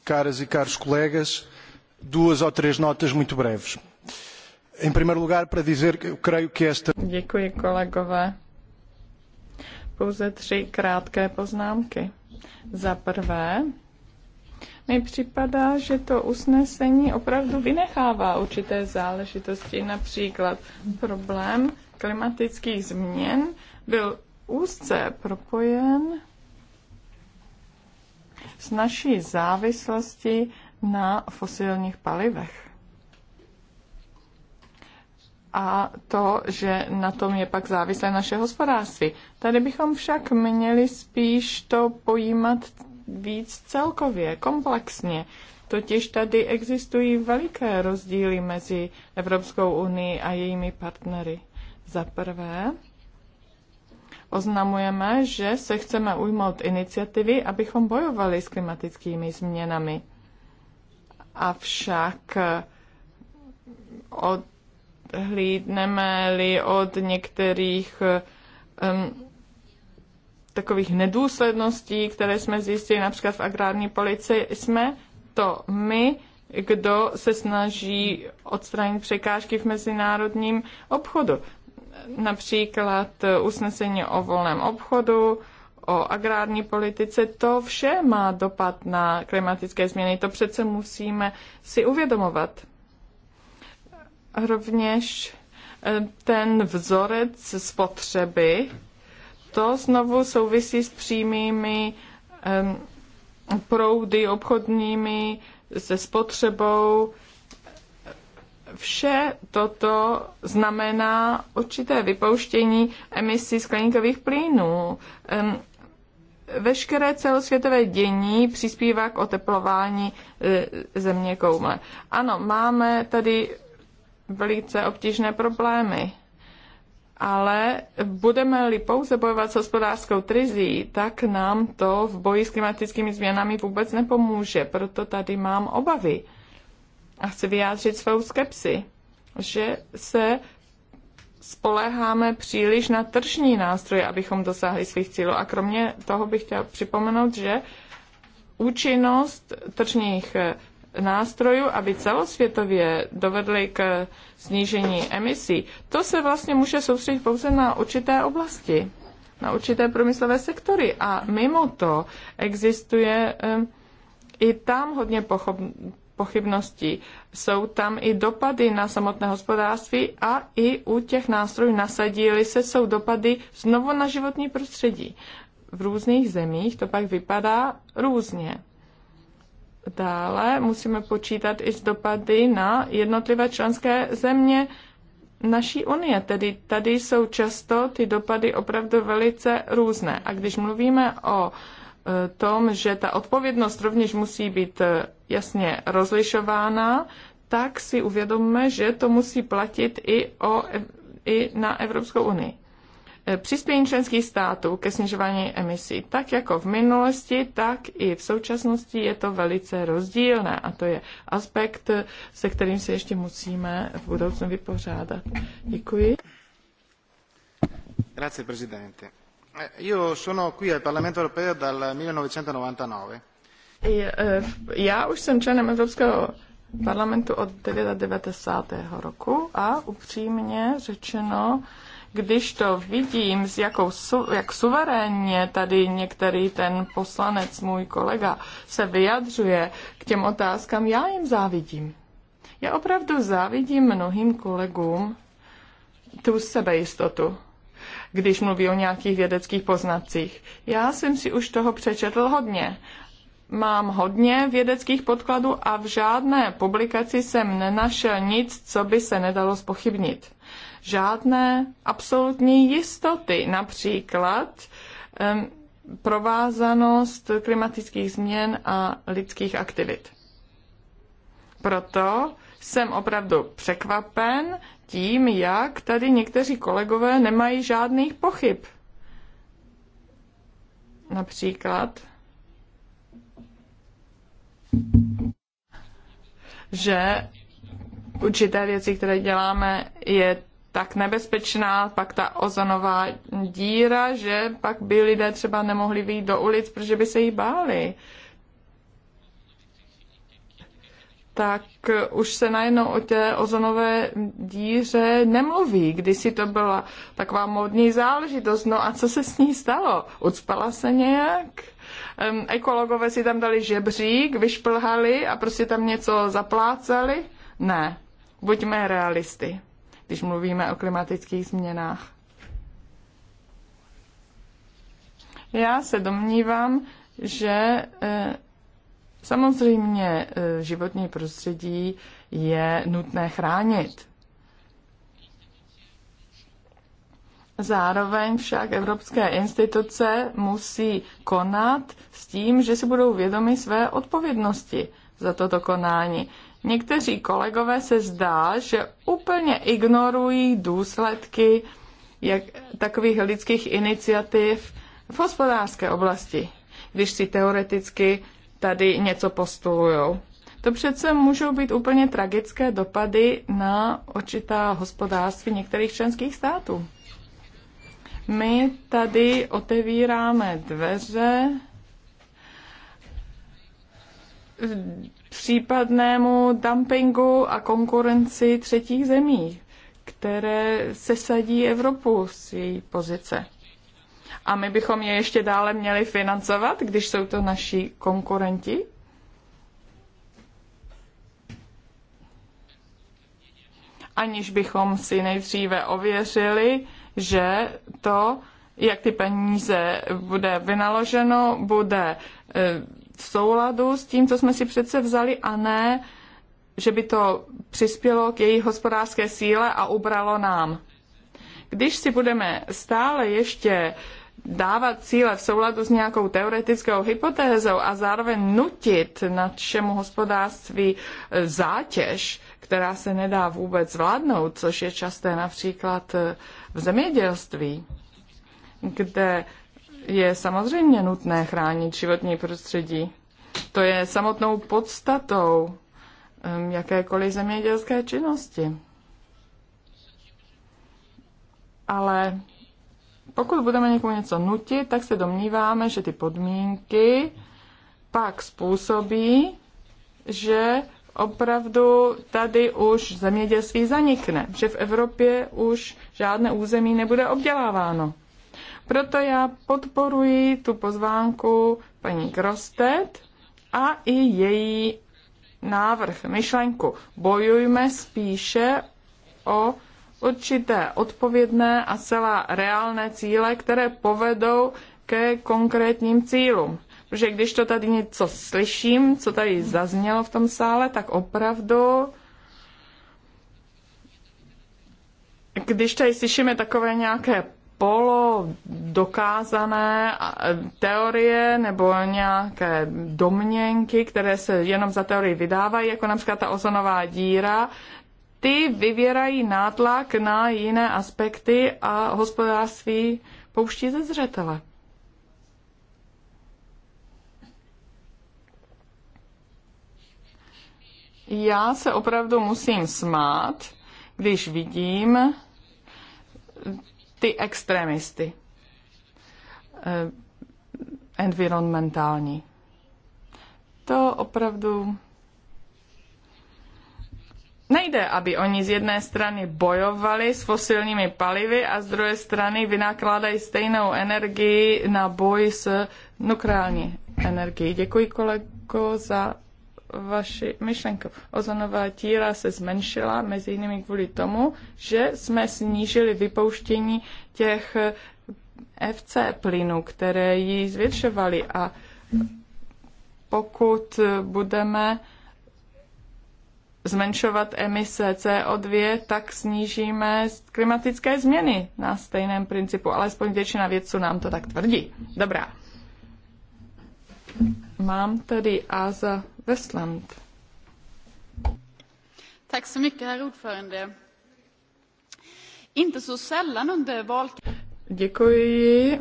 caras e caros colegas. Duas ou três notas muito breves. Em primeiro lugar, para dizer que eu creio que esta. Děkuji, kolegové pouze tři krátké poznámky. Za prvé, mi připadá, že to usnesení opravdu vynechává určité záležitosti, například problém klimatických změn byl úzce propojen s naší závislostí na fosilních palivech a to, že na tom je pak závislé naše hospodářství. Tady bychom však měli spíš to pojímat víc celkově, komplexně. Totiž tady existují veliké rozdíly mezi Evropskou unii a jejími partnery. Za prvé, oznamujeme, že se chceme ujmout iniciativy, abychom bojovali s klimatickými změnami. Avšak od hlídneme-li od některých um, takových nedůsledností, které jsme zjistili například v agrární policii, jsme to my, kdo se snaží odstranit překážky v mezinárodním obchodu. Například usnesení o volném obchodu, o agrární politice, to vše má dopad na klimatické změny. To přece musíme si uvědomovat rovněž eh, ten vzorec spotřeby, to znovu souvisí s přímými eh, proudy obchodními, se spotřebou. Vše toto znamená určité vypouštění emisí skleníkových plynů. Ehm, veškeré celosvětové dění přispívá k oteplování eh, země koule. Ano, máme tady velice obtížné problémy. Ale budeme-li pouze bojovat s hospodářskou krizí, tak nám to v boji s klimatickými změnami vůbec nepomůže. Proto tady mám obavy a chci vyjádřit svou skepsi, že se spoléháme příliš na tržní nástroje, abychom dosáhli svých cílů. A kromě toho bych chtěl připomenout, že účinnost tržních nástrojů, aby celosvětově dovedly k snížení emisí, to se vlastně může soustředit pouze na určité oblasti, na určité průmyslové sektory. A mimo to existuje i tam hodně pochybností. Jsou tam i dopady na samotné hospodářství a i u těch nástrojů nasadili se jsou dopady znovu na životní prostředí. V různých zemích to pak vypadá různě. Dále musíme počítat i s dopady na jednotlivé členské země naší unie. Tedy tady jsou často ty dopady opravdu velice různé. A když mluvíme o e, tom, že ta odpovědnost rovněž musí být e, jasně rozlišována, tak si uvědomme, že to musí platit i, o, i na Evropskou unii. Eh, přispění členských států ke snižování emisí, tak jako v minulosti, tak i v současnosti je to velice rozdílné a to je aspekt, eh, se kterým se ještě musíme v budoucnu vypořádat. Děkuji. Grazie, Presidente. Eh, io sono qui al Parlamento Europeo dal 1999. Já už jsem členem Evropského parlamentu od 1990. roku a upřímně řečeno, když to vidím, s jakou, jak suverénně tady některý ten poslanec, můj kolega, se vyjadřuje k těm otázkám, já jim závidím. Já opravdu závidím mnohým kolegům tu sebejistotu, když mluví o nějakých vědeckých poznacích. Já jsem si už toho přečetl hodně mám hodně vědeckých podkladů a v žádné publikaci jsem nenašel nic, co by se nedalo spochybnit žádné absolutní jistoty, například um, provázanost klimatických změn a lidských aktivit. Proto jsem opravdu překvapen tím, jak tady někteří kolegové nemají žádných pochyb. Například, že určité věci, které děláme, je tak nebezpečná, pak ta ozonová díra, že pak by lidé třeba nemohli vyjít do ulic, protože by se jí báli. tak už se najednou o té ozonové díře nemluví. Kdysi to byla taková modní záležitost. No a co se s ní stalo? Ucpala se nějak? Um, ekologové si tam dali žebřík, vyšplhali a prostě tam něco zaplácali? Ne, buďme realisty když mluvíme o klimatických změnách. Já se domnívám, že eh, samozřejmě eh, životní prostředí je nutné chránit. Zároveň však evropské instituce musí konat s tím, že si budou vědomi své odpovědnosti za toto konání. Někteří kolegové se zdá, že úplně ignorují důsledky jak, takových lidských iniciativ v hospodářské oblasti, když si teoreticky tady něco postulují. To přece můžou být úplně tragické dopady na očitá hospodářství některých členských států. My tady otevíráme dveře případnému dumpingu a konkurenci třetích zemí, které sesadí Evropu z její pozice. A my bychom je ještě dále měli financovat, když jsou to naši konkurenti? Aniž bychom si nejdříve ověřili, že to, jak ty peníze bude vynaloženo, bude eh, v souladu s tím, co jsme si přece vzali a ne, že by to přispělo k její hospodářské síle a ubralo nám. Když si budeme stále ještě dávat cíle v souladu s nějakou teoretickou hypotézou a zároveň nutit našemu hospodářství e, zátěž, která se nedá vůbec zvládnout, což je časté například e, v zemědělství, kde je samozřejmě nutné chránit životní prostředí. To je samotnou podstatou um, jakékoliv zemědělské činnosti. Ale pokud budeme někomu něco nutit, tak se domníváme, že ty podmínky pak způsobí, že opravdu tady už zemědělství zanikne, že v Evropě už žádné území nebude obděláváno. Proto já podporuji tu pozvánku paní Krostet a i její návrh, myšlenku. Bojujme spíše o určité odpovědné a celá reálné cíle, které povedou ke konkrétním cílům. Protože když to tady něco slyším, co tady zaznělo v tom sále, tak opravdu, když tady slyšíme takové nějaké polo dokázané e, teorie nebo nějaké domněnky, které se jenom za teorii vydávají, jako například ta ozonová díra, ty vyvěrají nátlak na jiné aspekty a hospodářství pouští ze zřetele. Já se opravdu musím smát, když vidím ty extremisty eh, environmentální. To opravdu nejde, aby oni z jedné strany bojovali s fosilními palivy a z druhé strany vynakládají stejnou energii na boj s nukleární energií. Děkuji kolego za vaši myšlenku. Ozonová díra se zmenšila mezi jinými kvůli tomu, že jsme snížili vypouštění těch FC plynů, které ji zvětšovaly a pokud budeme zmenšovat emise CO2, tak snížíme klimatické změny na stejném principu. Alespoň většina vědců nám to tak tvrdí. Dobrá. Mám tady A za Westland. Tack så mycket, herr ordförande. Inte så sällan under Děkuji.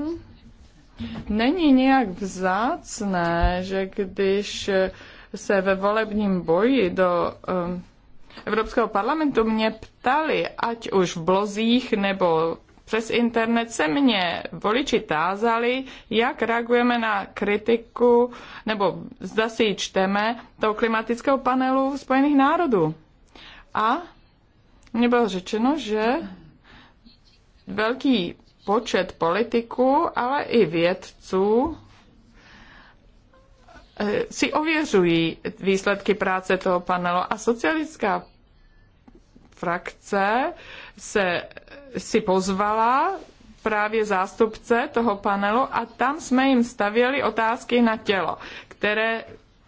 Není nějak vzácné, že když se ve volebním boji do um, Evropského parlamentu mě ptali, ať už v blozích nebo přes internet se mě voliči tázali, jak reagujeme na kritiku, nebo zda si ji čteme, toho klimatického panelu Spojených národů. A mně bylo řečeno, že velký počet politiků, ale i vědců eh, si ověřují výsledky práce toho panelu a socialistická frakce se si pozvala právě zástupce toho panelu a tam jsme jim stavěli otázky na tělo, které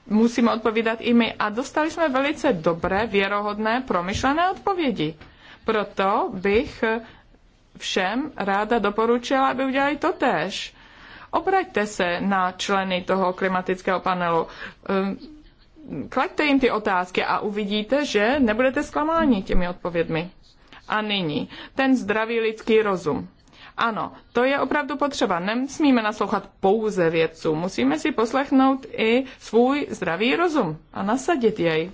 musíme odpovídat i my. A dostali jsme velice dobré, věrohodné, promyšlené odpovědi. Proto bych všem ráda doporučila, aby udělali to tež. Obraťte se na členy toho klimatického panelu. Ehm, klaďte jim ty otázky a uvidíte, že nebudete zklamáni těmi odpovědmi a nyní. Ten zdravý lidský rozum. Ano, to je opravdu potřeba. Nemusíme naslouchat pouze vědcům. Musíme si poslechnout i svůj zdravý rozum a nasadit jej.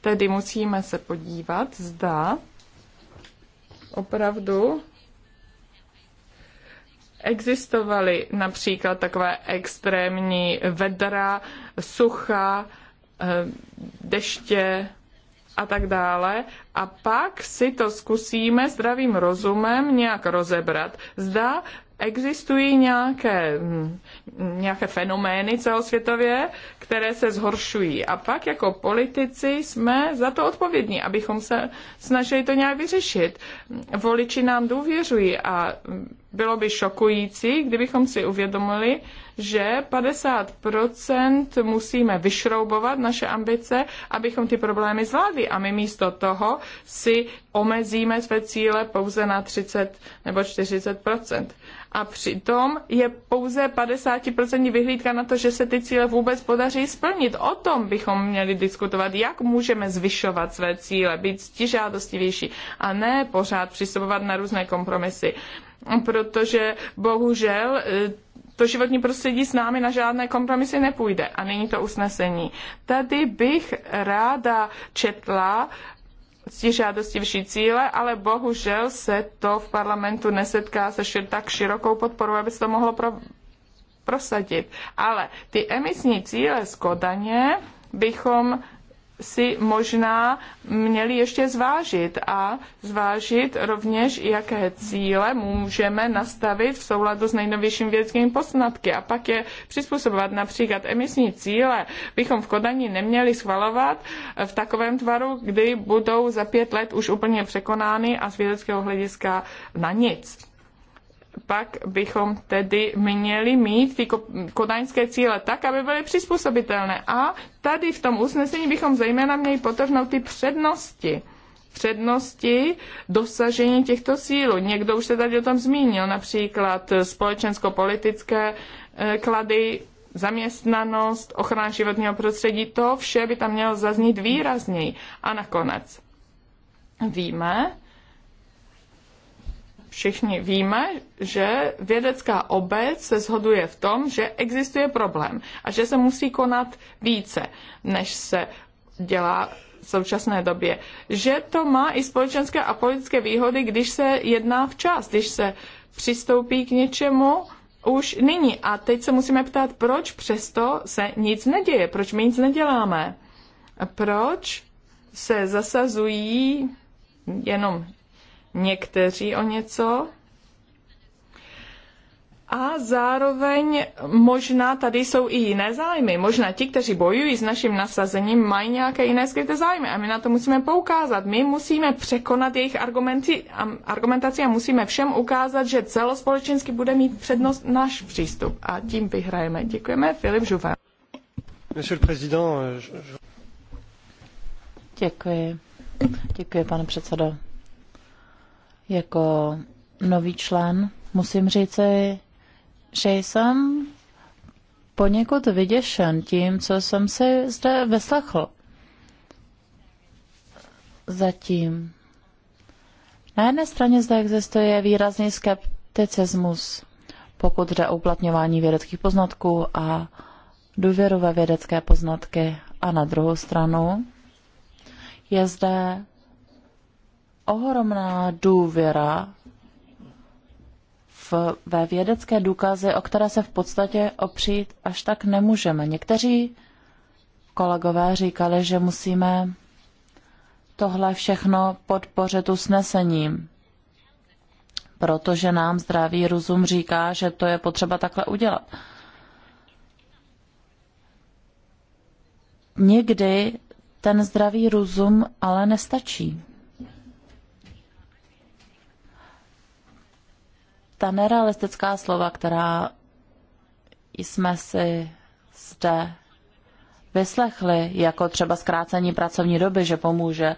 Tedy musíme se podívat, zda opravdu existovaly například takové extrémní vedra, sucha, eh, deště, a tak dále. A pak si to zkusíme zdravým rozumem nějak rozebrat. Zda existují nějaké, nějaké fenomény celosvětově, které se zhoršují. A pak jako politici jsme za to odpovědní, abychom se snažili to nějak vyřešit. Voliči nám důvěřují a bylo by šokující, kdybychom si uvědomili, že 50% musíme vyšroubovat naše ambice, abychom ty problémy zvládli. A my místo toho si omezíme své cíle pouze na 30 nebo 40%. A přitom je pouze 50% vyhlídka na to, že se ty cíle vůbec podaří splnit. O tom bychom měli diskutovat, jak můžeme zvyšovat své cíle, být stižádostivější a ne pořád přistupovat na různé kompromisy protože bohužel e, to životní prostředí s námi na žádné kompromisy nepůjde. A není to usnesení. Tady bych ráda četla žádosti žádostivší cíle, ale bohužel se to v parlamentu nesetká se šir, tak širokou podporou, aby se to mohlo pro, prosadit. Ale ty emisní cíle z Kodaně bychom si možná měli ještě zvážit a zvážit rovněž, jaké cíle můžeme nastavit v souladu s nejnovějším vědeckými poznatky a pak je přizpůsobovat. Například emisní cíle bychom v Kodani neměli schvalovat v takovém tvaru, kdy budou za pět let už úplně překonány a z vědeckého hlediska na nic pak bychom tedy měli mít ty kodaňské cíle tak, aby byly přizpůsobitelné. A tady v tom usnesení bychom zejména měli potrhnout ty přednosti přednosti dosažení těchto cílů. Někdo už se tady o tom zmínil, například společensko-politické eh, klady, zaměstnanost, ochrana životního prostředí, to vše by tam mělo zaznít výrazněji. A nakonec víme, všichni víme, že vědecká obec se shoduje v tom, že existuje problém a že se musí konat více, než se dělá v současné době. Že to má i společenské a politické výhody, když se jedná včas, když se přistoupí k něčemu už nyní. A teď se musíme ptát, proč přesto se nic neděje, proč my nic neděláme, proč se zasazují jenom někteří o něco. A zároveň možná tady jsou i jiné zájmy. Možná ti, kteří bojují s naším nasazením, mají nějaké jiné skryté zájmy a my na to musíme poukázat. My musíme překonat jejich argumenty, argumentaci a musíme všem ukázat, že celospolečensky bude mít přednost náš přístup. A tím vyhrajeme. Děkujeme. Filip Žuvan. Děkuji. Děkuji, pane předsedo. Jako nový člen musím říci, že jsem poněkud vyděšen tím, co jsem si zde vyslechl. Zatím. Na jedné straně zde existuje výrazný skepticismus, pokud jde o uplatňování vědeckých poznatků a důvěru ve vědecké poznatky. A na druhou stranu je zde ohromná důvěra v, ve vědecké důkazy, o které se v podstatě opřít až tak nemůžeme. Někteří kolegové říkali, že musíme tohle všechno podpořit usnesením, protože nám zdravý rozum říká, že to je potřeba takhle udělat. Někdy ten zdravý rozum ale nestačí. ta nerealistická slova, která jsme si zde vyslechli, jako třeba zkrácení pracovní doby, že pomůže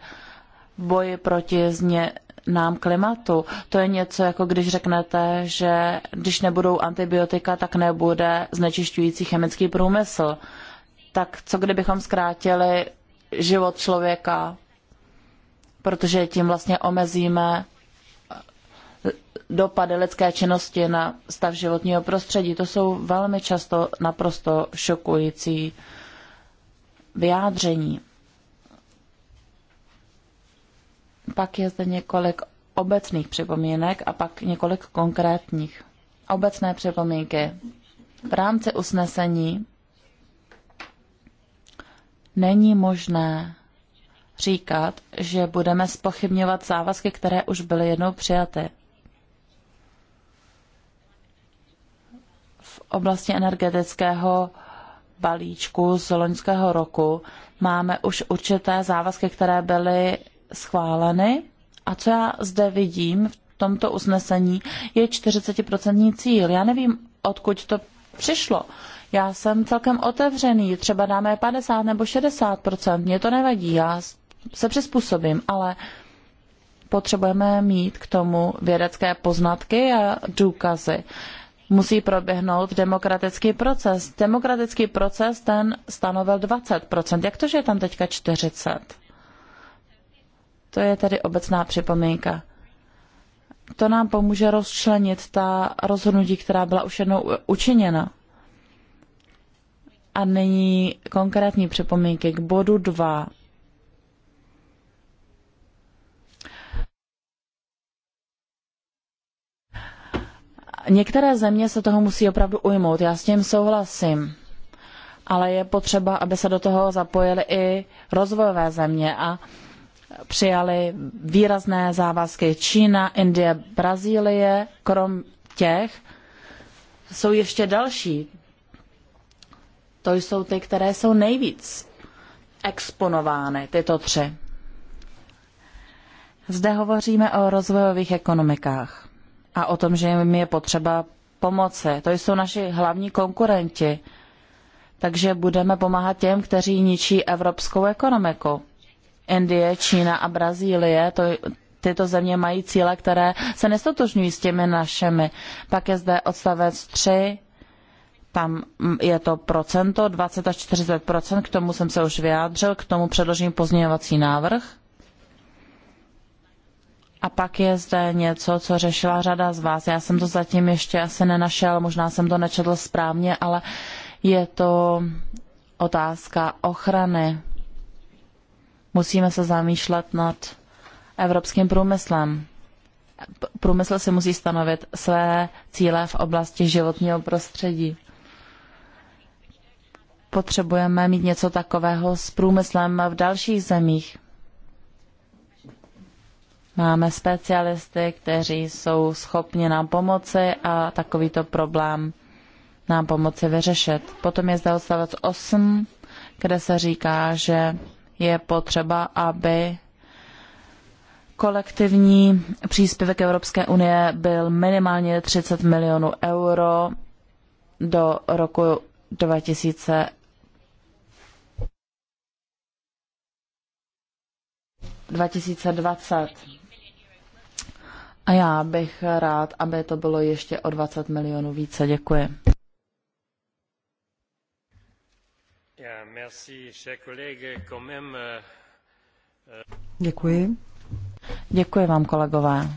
v boji proti změ, nám klimatu. To je něco, jako když řeknete, že když nebudou antibiotika, tak nebude znečišťující chemický průmysl. Tak co kdybychom zkrátili život člověka, protože tím vlastně omezíme dopady lidské činnosti na stav životního prostředí. To jsou velmi často naprosto šokující vyjádření. Pak je zde několik obecných připomínek a pak několik konkrétních. Obecné připomínky. V rámci usnesení není možné říkat, že budeme spochybňovat závazky, které už byly jednou přijaty. v oblasti energetického balíčku z loňského roku máme už určité závazky, které byly schváleny. A co já zde vidím v tomto usnesení, je 40% cíl. Já nevím, odkud to přišlo. Já jsem celkem otevřený, třeba dáme 50 nebo 60%, mě to nevadí, já se přizpůsobím, ale potřebujeme mít k tomu vědecké poznatky a důkazy musí proběhnout demokratický proces. Demokratický proces ten stanovil 20%. Jak to, že je tam teďka 40%? To je tedy obecná připomínka. To nám pomůže rozčlenit ta rozhodnutí, která byla už jednou učiněna. A nyní konkrétní připomínky k bodu 2 Některé země se toho musí opravdu ujmout, já s tím souhlasím. Ale je potřeba, aby se do toho zapojily i rozvojové země a přijali výrazné závazky Čína, Indie, Brazílie, krom těch, jsou ještě další. To jsou ty, které jsou nejvíc exponovány, tyto tři. Zde hovoříme o rozvojových ekonomikách a o tom, že jim je potřeba pomoci. To jsou naši hlavní konkurenti. Takže budeme pomáhat těm, kteří ničí evropskou ekonomiku. Indie, Čína a Brazílie, to, tyto země mají cíle, které se nestotožňují s těmi našemi. Pak je zde odstavec 3, tam je to procento, 20 až 40 k tomu jsem se už vyjádřil, k tomu předložím pozměňovací návrh. A pak je zde něco, co řešila řada z vás. Já jsem to zatím ještě asi nenašel, možná jsem to nečetl správně, ale je to otázka ochrany. Musíme se zamýšlet nad evropským průmyslem. Průmysl si musí stanovit své cíle v oblasti životního prostředí. Potřebujeme mít něco takového s průmyslem v dalších zemích. Máme specialisty, kteří jsou schopni nám pomoci a takovýto problém nám pomoci vyřešit. Potom je zde odstavec 8, kde se říká, že je potřeba, aby kolektivní příspěvek Evropské unie byl minimálně 30 milionů euro do roku 2000. ...2020. A já bych rád, aby to bylo ještě o 20 milionů více. Děkuji. Euh, euh, Děkuji. Děkuji vám, kolegové.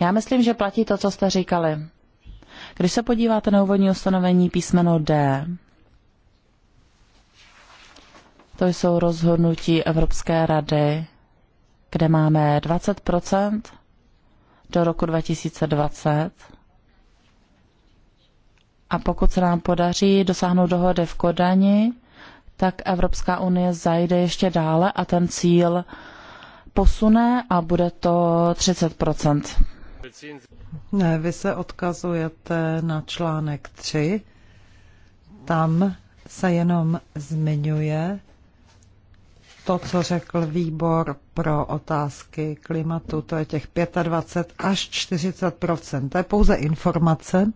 Já myslím, že platí to, co jste říkali. Když se podíváte na úvodní ustanovení písmeno D, to jsou rozhodnutí Evropské rady, kde máme 20 do roku 2020. A pokud se nám podaří dosáhnout dohody v Kodani, tak Evropská unie zajde ještě dále a ten cíl posune a bude to 30 Ne, vy se odkazujete na článek 3. Tam se jenom zmiňuje, to, co řekl výbor pro otázky klimatu, to je těch 25 až 40 To je pouze informace,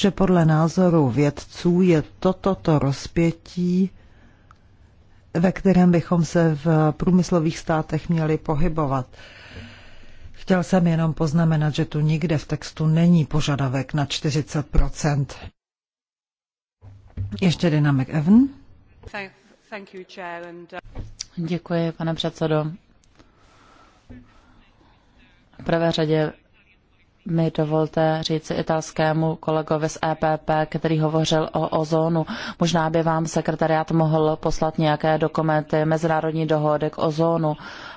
že podle názoru vědců je toto to rozpětí, ve kterém bychom se v průmyslových státech měli pohybovat. Chtěl jsem jenom poznamenat, že tu nikde v textu není požadavek na 40 Ještě dynamik Evan. Thanks. Uh, Děkuji, pane předsedo. V prvé řadě mi dovolte říci italskému kolegovi z EPP, který hovořil o ozónu. Možná by vám sekretariát mohl poslat nějaké dokumenty, mezinárodní dohody k ozónu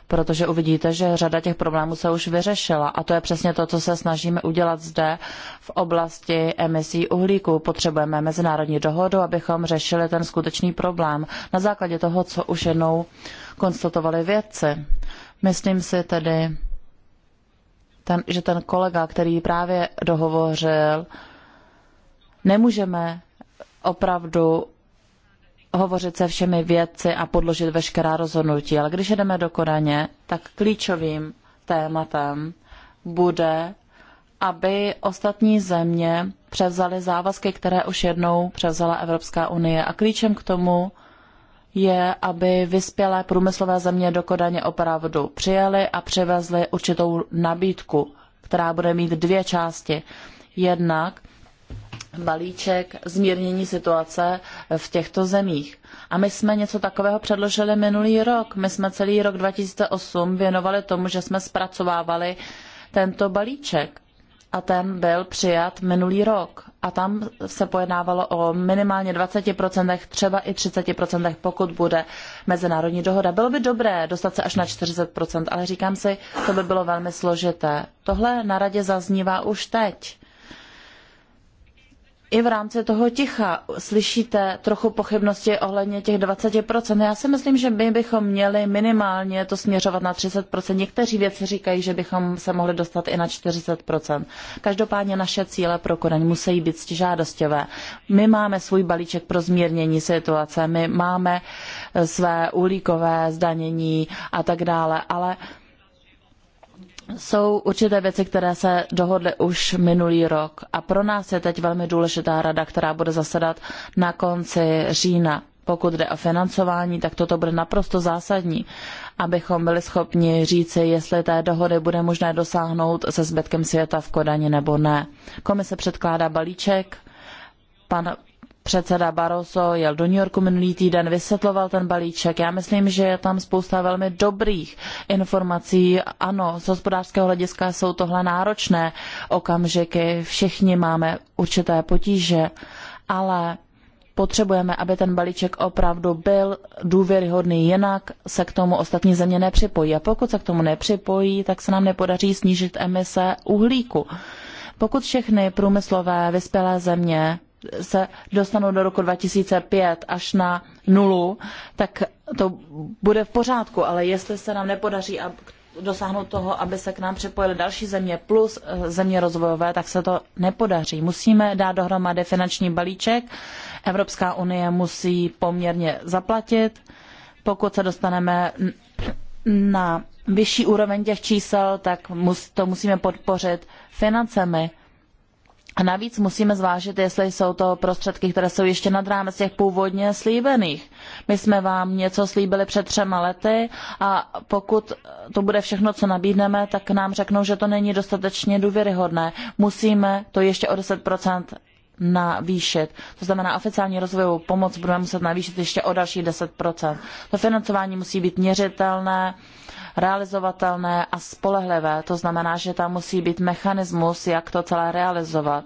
protože uvidíte, že řada těch problémů se už vyřešila a to je přesně to, co se snažíme udělat zde v oblasti emisí uhlíku. Potřebujeme mezinárodní dohodu, abychom řešili ten skutečný problém na základě toho, co už jednou konstatovali vědci. Myslím si tedy, ten, že ten kolega, který právě dohovořil, nemůžeme opravdu hovořit se všemi vědci a podložit veškerá rozhodnutí. Ale když jdeme do koraně, tak klíčovým tématem bude, aby ostatní země převzaly závazky, které už jednou převzala Evropská unie. A klíčem k tomu je, aby vyspělé průmyslové země do Kodaně opravdu přijaly a převezly určitou nabídku, která bude mít dvě části. Jednak balíček zmírnění situace v těchto zemích. A my jsme něco takového předložili minulý rok. My jsme celý rok 2008 věnovali tomu, že jsme zpracovávali tento balíček. A ten byl přijat minulý rok. A tam se pojednávalo o minimálně 20%, třeba i 30%, pokud bude mezinárodní dohoda. Bylo by dobré dostat se až na 40%, ale říkám si, to by bylo velmi složité. Tohle na radě zaznívá už teď i v rámci toho ticha slyšíte trochu pochybnosti ohledně těch 20%. Já si myslím, že my bychom měli minimálně to směřovat na 30%. Někteří věci říkají, že bychom se mohli dostat i na 40%. Každopádně naše cíle pro Kodaň musí být žádostivé. My máme svůj balíček pro zmírnění situace, my máme eh, své uhlíkové zdanění a tak dále, ale jsou určité věci, které se dohodly už minulý rok a pro nás je teď velmi důležitá rada, která bude zasedat na konci října. Pokud jde o financování, tak toto bude naprosto zásadní, abychom byli schopni říci, jestli té dohody bude možné dosáhnout se zbytkem světa v Kodani nebo ne. Komise předkládá balíček, pan Předseda Barroso jel do New Yorku minulý týden, vysvětloval ten balíček. Já myslím, že je tam spousta velmi dobrých informací. Ano, z hospodářského hlediska jsou tohle náročné okamžiky. Všichni máme určité potíže, ale potřebujeme, aby ten balíček opravdu byl důvěryhodný, jinak se k tomu ostatní země nepřipojí. A pokud se k tomu nepřipojí, tak se nám nepodaří snížit emise uhlíku. Pokud všechny průmyslové vyspělé země se dostanou do roku 2005 až na nulu, tak to bude v pořádku, ale jestli se nám nepodaří dosáhnout toho, aby se k nám připojily další země plus eh, země rozvojové, tak se to nepodaří. Musíme dát dohromady finanční balíček, Evropská unie musí poměrně zaplatit, pokud se dostaneme na vyšší úroveň těch čísel, tak to musíme podpořit financemi. A navíc musíme zvážit, jestli jsou to prostředky, které jsou ještě nad rámec těch původně slíbených. My jsme vám něco slíbili před třema lety a pokud to bude všechno, co nabídneme, tak nám řeknou, že to není dostatečně důvěryhodné. Musíme to ještě o 10% navýšit. To znamená, oficiální rozvojovou pomoc budeme muset navýšit ještě o další 10%. To financování musí být měřitelné realizovatelné a spolehlivé. To znamená, že tam musí být mechanismus, jak to celé realizovat.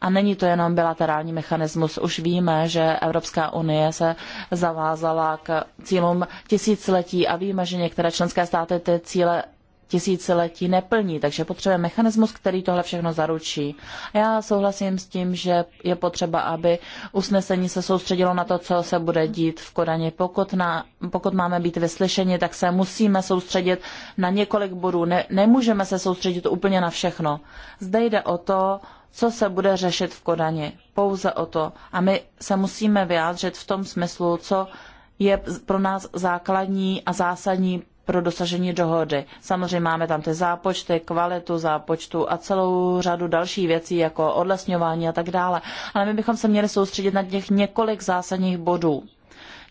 A není to jenom bilaterální mechanismus. Už víme, že Evropská unie se zavázala k cílům tisíciletí a víme, že některé členské státy ty cíle tisíciletí neplní. Takže potřebujeme mechanismus, který tohle všechno zaručí. Já souhlasím s tím, že je potřeba, aby usnesení se soustředilo na to, co se bude dít v Kodani. Pokud, na, pokud máme být vyslyšeni, tak se musíme soustředit na několik bodů. Ne, nemůžeme se soustředit úplně na všechno. Zde jde o to, co se bude řešit v Kodani. Pouze o to. A my se musíme vyjádřit v tom smyslu, co je pro nás základní a zásadní pro dosažení dohody. Samozřejmě máme tam ty zápočty, kvalitu zápočtu a celou řadu dalších věcí, jako odlesňování a tak dále. Ale my bychom se měli soustředit na těch několik zásadních bodů.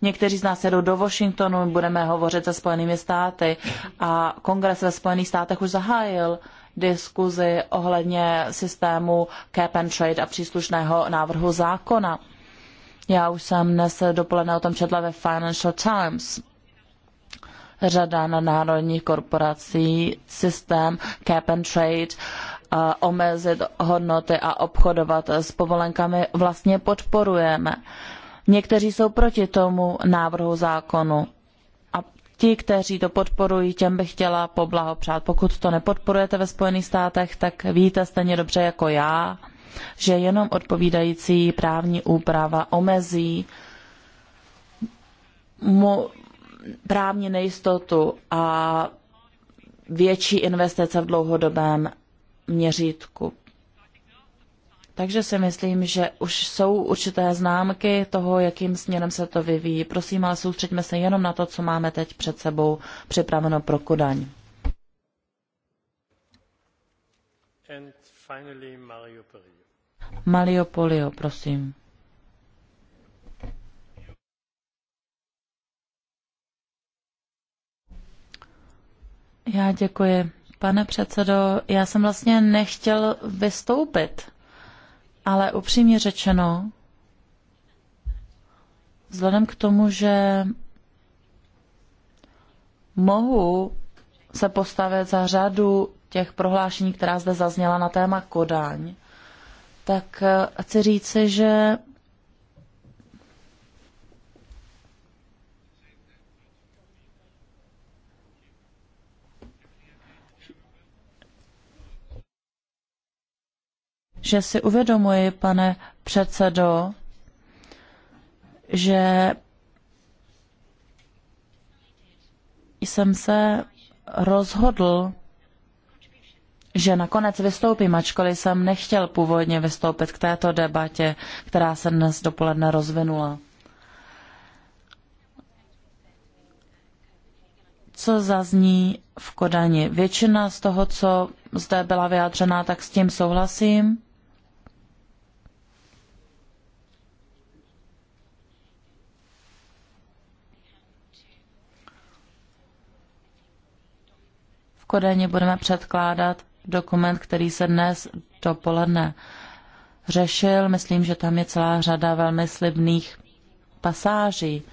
Někteří z nás jedou do Washingtonu, budeme hovořit se Spojenými státy a kongres ve Spojených státech už zahájil diskuzi ohledně systému cap and trade a příslušného návrhu zákona. Já už jsem dnes dopoledne o tom četla ve Financial Times řada nadnárodních korporací systém cap and trade eh, omezit hodnoty a obchodovat s povolenkami vlastně podporujeme. Někteří jsou proti tomu návrhu zákonu a ti, kteří to podporují, těm bych chtěla poblahopřát. Pokud to nepodporujete ve Spojených státech, tak víte stejně dobře jako já, že jenom odpovídající právní úprava omezí mo- právní nejistotu a větší investice v dlouhodobém měřítku. Takže si myslím, že už jsou určité známky toho, jakým směrem se to vyvíjí. Prosím, ale soustředíme se jenom na to, co máme teď před sebou připraveno pro Kodaň. Mario prosím. Já děkuji. Pane předsedo, já jsem vlastně nechtěl vystoupit, ale upřímně řečeno, vzhledem k tomu, že mohu se postavit za řadu těch prohlášení, která zde zazněla na téma Kodáň, tak eh, chci říci, že že si uvědomuji, pane předsedo, že jsem se rozhodl, že nakonec vystoupím, ačkoliv jsem nechtěl původně vystoupit k této debatě, která se dnes dopoledne rozvinula. Co zazní v Kodani? Většina z toho, co zde byla vyjádřena, tak s tím souhlasím. Kodani budeme předkládat dokument, který se dnes dopoledne řešil. Myslím, že tam je celá řada velmi slibných pasáží.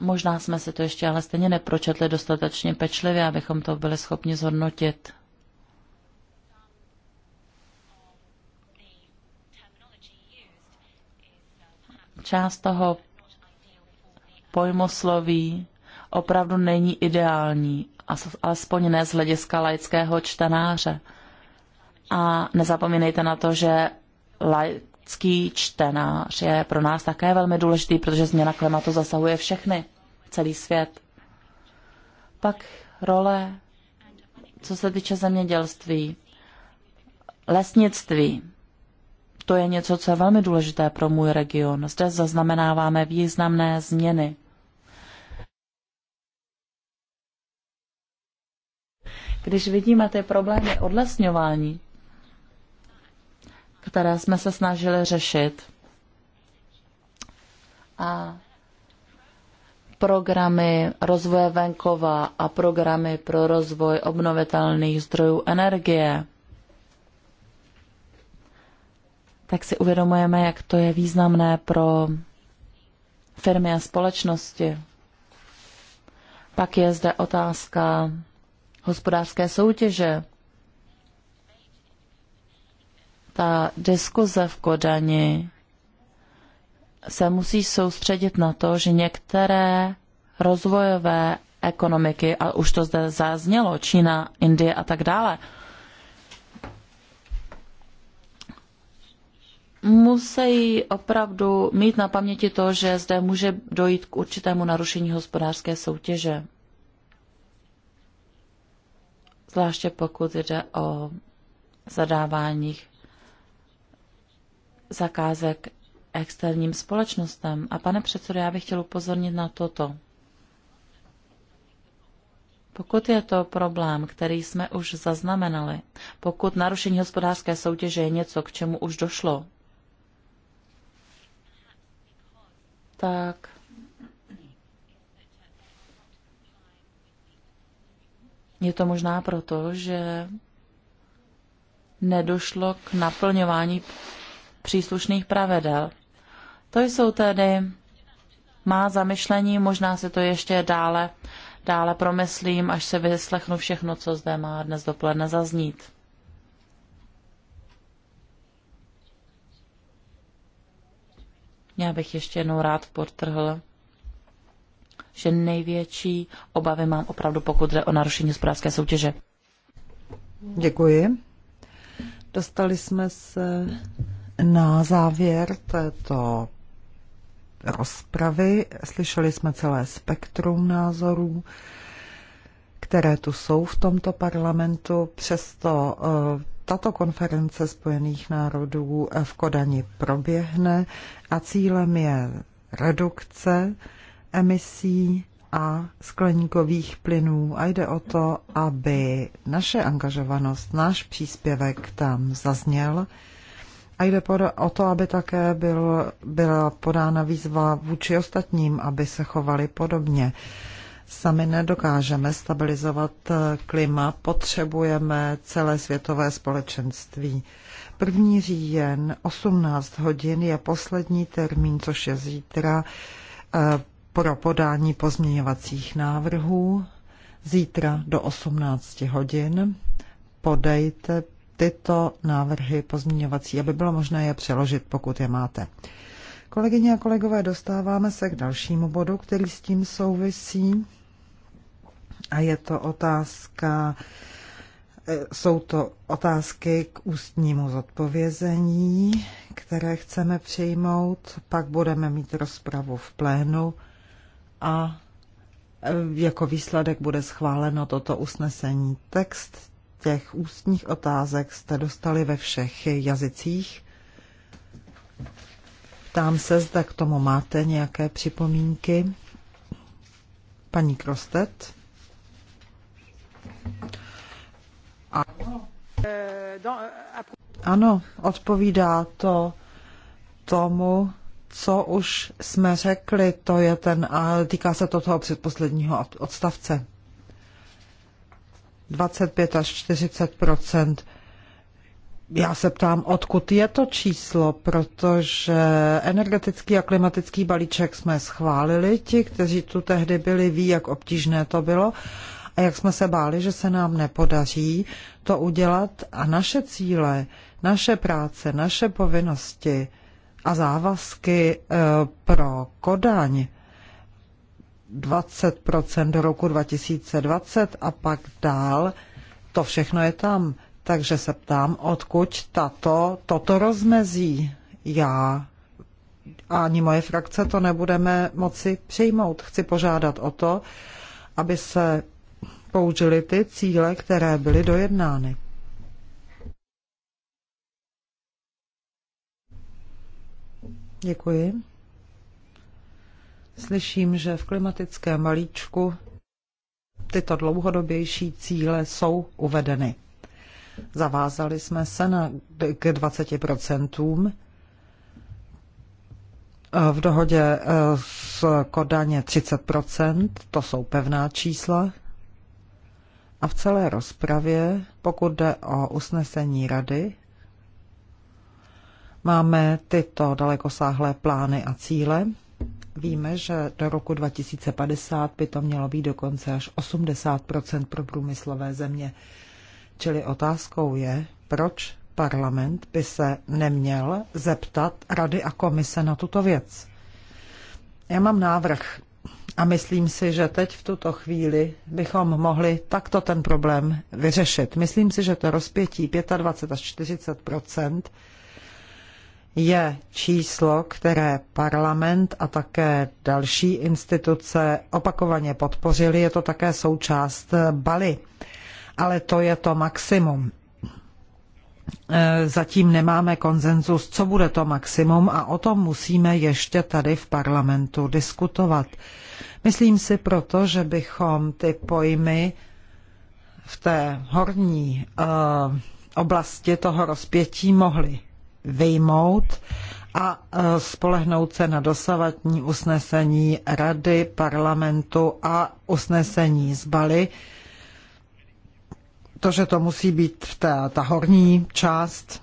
Možná jsme si to ještě ale stejně nepročetli dostatečně pečlivě, abychom to byli schopni zhodnotit. Část toho pojmosloví opravdu není ideální alespoň ne z hlediska laického čtenáře. A nezapomínejte na to, že laický čtenář je pro nás také velmi důležitý, protože změna klimatu zasahuje všechny, celý svět. Pak role, co se týče zemědělství, lesnictví. To je něco, co je velmi důležité pro můj region. Zde zaznamenáváme významné změny. Když vidíme ty problémy odlesňování, které jsme se snažili řešit, a programy rozvoje venkova a programy pro rozvoj obnovitelných zdrojů energie, tak si uvědomujeme, jak to je významné pro firmy a společnosti. Pak je zde otázka hospodářské soutěže. Ta diskuze v Kodani se musí soustředit na to, že některé rozvojové ekonomiky, a už to zde zaznělo, Čína, Indie a tak dále, musí opravdu mít na paměti to, že zde může dojít k určitému narušení hospodářské soutěže zvláště pokud jde o zadávání zakázek externím společnostem. A pane předsedo, já bych chtěl upozornit na toto. Pokud je to problém, který jsme už zaznamenali, pokud narušení hospodářské soutěže je něco, k čemu už došlo, tak Je to možná proto, že nedošlo k naplňování příslušných pravidel. To jsou tedy má zamyšlení, možná se to ještě dále, dále promyslím, až se vyslechnu všechno, co zde má dnes dopoledne zaznít. Já bych ještě jednou rád podtrhl, že největší obavy mám opravdu, pokud jde o narušení hospodářské soutěže. Děkuji. Dostali jsme se na závěr této rozpravy. Slyšeli jsme celé spektrum názorů, které tu jsou v tomto parlamentu. Přesto eh, tato konference Spojených národů v Kodani proběhne a cílem je redukce emisí a skleníkových plynů a jde o to, aby naše angažovanost, náš příspěvek tam zazněl a jde o to, aby také byl, byla podána výzva vůči ostatním, aby se chovali podobně. Sami nedokážeme stabilizovat eh, klima, potřebujeme celé světové společenství. První říjen 18 hodin je poslední termín, což je zítra eh, pro podání pozměňovacích návrhů zítra do 18 hodin. Podejte tyto návrhy pozměňovací, aby bylo možné je přeložit, pokud je máte. Kolegyně a kolegové, dostáváme se k dalšímu bodu, který s tím souvisí. A je to otázka, e, jsou to otázky k ústnímu zodpovězení, které chceme přijmout. Pak budeme mít rozpravu v plénu a e, jako výsledek bude schváleno toto usnesení. Text těch ústních otázek jste dostali ve všech jazycích. Ptám se, zda k tomu máte nějaké připomínky. Paní Krostet. A... ano, odpovídá to tomu, co už jsme řekli, to je ten, a týká se to toho předposledního odstavce. 25 až 40 já se ptám, odkud je to číslo, protože energetický a klimatický balíček jsme schválili, ti, kteří tu tehdy byli, ví, jak obtížné to bylo a jak jsme se báli, že se nám nepodaří to udělat a naše cíle, naše práce, naše povinnosti a závazky eh, pro Kodaň 20% do roku 2020 a pak dál, to všechno je tam. Takže se ptám, odkud tato, toto rozmezí. Já ani moje frakce to nebudeme moci přijmout. Chci požádat o to, aby se použili ty cíle, které byly dojednány. Děkuji. Slyším, že v klimatickém malíčku tyto dlouhodobější cíle jsou uvedeny. Zavázali jsme se na, k 20% v dohodě eh, s Kodaně 30%, to jsou pevná čísla. A v celé rozpravě, pokud jde o usnesení rady, Máme tyto dalekosáhlé plány a cíle. Víme, že do roku 2050 by to mělo být dokonce až 80 pro průmyslové země. Čili otázkou je, proč parlament by se neměl zeptat rady a komise na tuto věc. Já mám návrh a myslím si, že teď v tuto chvíli bychom mohli takto ten problém vyřešit. Myslím si, že to rozpětí 25 až 40 je číslo, které parlament a také další instituce opakovaně podpořili. Je to také součást Bali, ale to je to maximum. E, zatím nemáme konsenzus, co bude to maximum a o tom musíme ještě tady v parlamentu diskutovat. Myslím si proto, že bychom ty pojmy v té horní e, oblasti toho rozpětí mohli vyjmout a e, spolehnout se na dosavadní usnesení Rady, parlamentu a usnesení z Bali. To, že to musí být ta, ta horní část,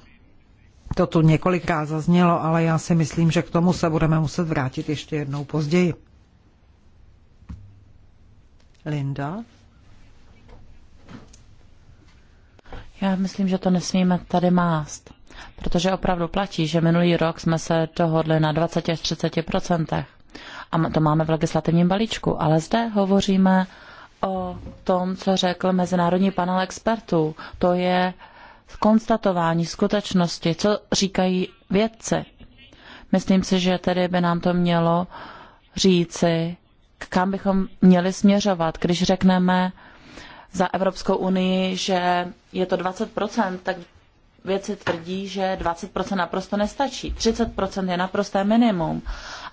to tu několikrát zaznělo, ale já si myslím, že k tomu se budeme muset vrátit ještě jednou později. Linda? Já myslím, že to nesmíme tady mást. Protože opravdu platí, že minulý rok jsme se dohodli na 20 až 30 A to máme v legislativním balíčku. Ale zde hovoříme o tom, co řekl Mezinárodní panel expertů. To je konstatování skutečnosti, co říkají vědci. Myslím si, že tedy by nám to mělo říci, kam bychom měli směřovat, když řekneme za Evropskou unii, že je to 20%, tak věci tvrdí, že 20% naprosto nestačí, 30% je naprosté minimum.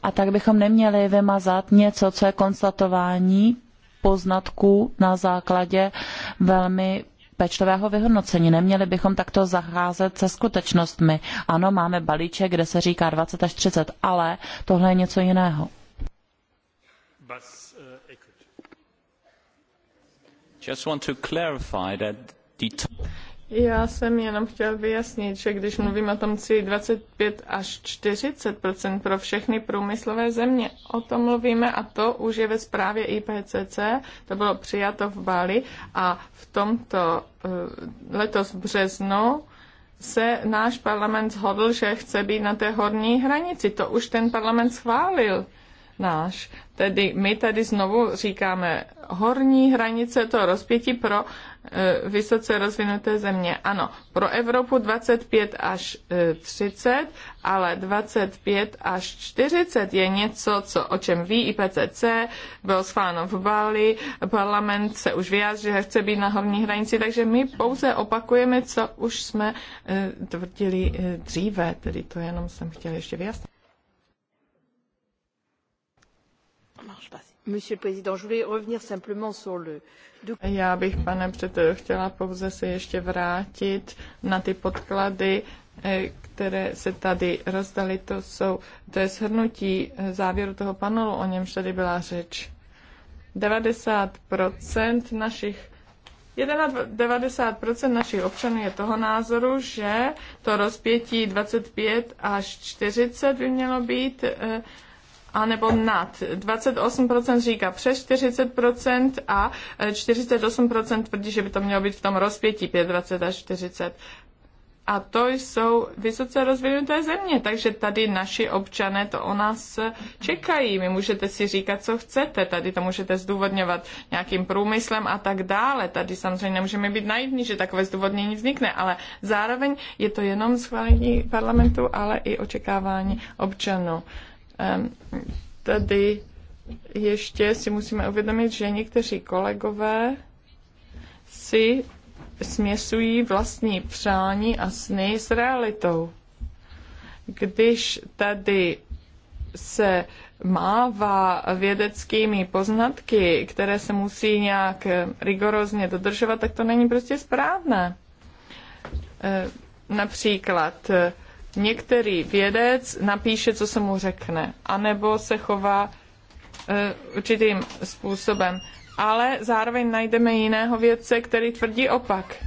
A tak bychom neměli vymazat něco, co je konstatování poznatků na základě velmi pečlivého vyhodnocení. Neměli bychom takto zacházet se skutečnostmi. Ano, máme balíček, kde se říká 20 až 30, ale tohle je něco jiného. Eh, Just want to clarify that the já jsem jenom chtěl vyjasnit, že když mluvím o tom cíli 25 až 40 pro všechny průmyslové země, o tom mluvíme a to už je ve zprávě IPCC, to bylo přijato v Bali a v tomto eh, letos v březnu se náš parlament shodl, že chce být na té horní hranici. To už ten parlament schválil náš. Tedy my tady znovu říkáme horní hranice to rozpětí pro e, vysoce rozvinuté země. Ano, pro Evropu 25 až e, 30, ale 25 až 40 je něco, co, o čem ví IPCC, bylo sváno v Bali, parlament se už vyjádřil, že chce být na horní hranici, takže my pouze opakujeme, co už jsme e, tvrdili e, dříve, tedy to jenom jsem chtěla ještě vyjasnit. Já bych, pane předsedo, chtěla pouze se ještě vrátit na ty podklady, eh, které se tady rozdaly. To, jsou, to je shrnutí eh, závěru toho panelu, o němž tady byla řeč. 90% našich 91% našich občanů je toho názoru, že to rozpětí 25 až 40 by mělo být eh, anebo nad. 28% říká přes 40% a 48% tvrdí, že by to mělo být v tom rozpětí 25 až 40. A to jsou vysoce rozvinuté země, takže tady naši občané to o nás čekají. My můžete si říkat, co chcete, tady to můžete zdůvodňovat nějakým průmyslem a tak dále. Tady samozřejmě nemůžeme být naivní, že takové zdůvodnění vznikne, ale zároveň je to jenom schválení parlamentu, ale i očekávání občanů. Tady ještě si musíme uvědomit, že někteří kolegové si směsují vlastní přání a sny s realitou. Když tady se mává vědeckými poznatky, které se musí nějak rigorózně dodržovat, tak to není prostě správné. Například některý vědec napíše, co se mu řekne, anebo se chová uh, určitým způsobem. Ale zároveň najdeme jiného vědce, který tvrdí opak.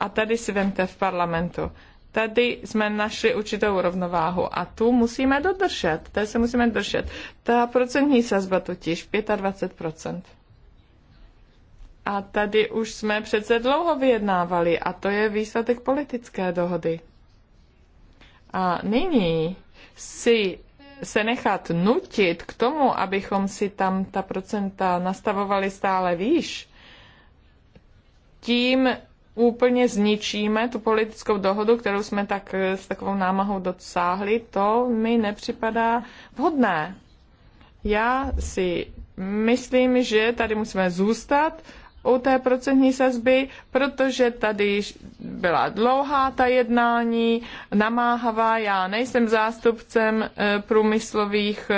A tady si vemte v parlamentu. Tady jsme našli určitou rovnováhu a tu musíme dodržet, Tady se musíme držet. Ta procentní sazba totiž 25%. A tady už jsme přece dlouho vyjednávali a to je výsledek politické dohody. A nyní si se nechat nutit k tomu, abychom si tam ta procenta nastavovali stále výš, tím úplně zničíme tu politickou dohodu, kterou jsme tak eh, s takovou námahou dosáhli, to mi nepřipadá vhodné. Já si myslím, že tady musíme zůstat u té procentní sazby, protože tady byla dlouhá ta jednání, namáhavá. Já nejsem zástupcem eh, průmyslových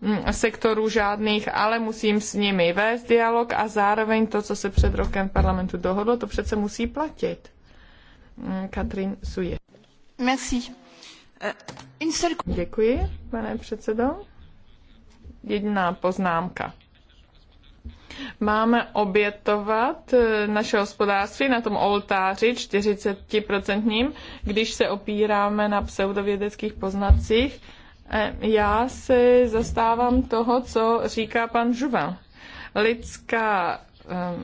mm, sektorů žádných, ale musím s nimi vést dialog a zároveň to, co se před rokem v parlamentu dohodlo, to přece musí platit. Mm, Katrin Suje. Merci. Eh, Děkuji, pane předsedo. Jediná poznámka máme obětovat e, naše hospodářství na tom oltáři 40%, když se opíráme na pseudovědeckých poznacích. E, já se zastávám toho, co říká pan Žuva. Lidská e,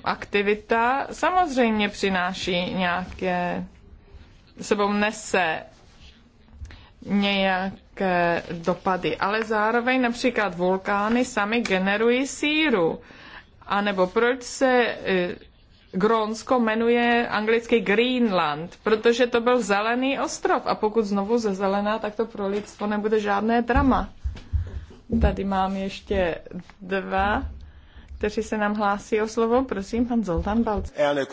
aktivita samozřejmě přináší nějaké, sebou nese nějaké dopady, ale zároveň například vulkány sami generují síru a nebo proč se e, Grónsko jmenuje anglicky Greenland, protože to byl zelený ostrov a pokud znovu ze zelená, tak to pro lidstvo nebude žádné drama. Tady mám ještě dva, kteří se nám hlásí o slovo. Prosím, pan Zoltán Balc. E,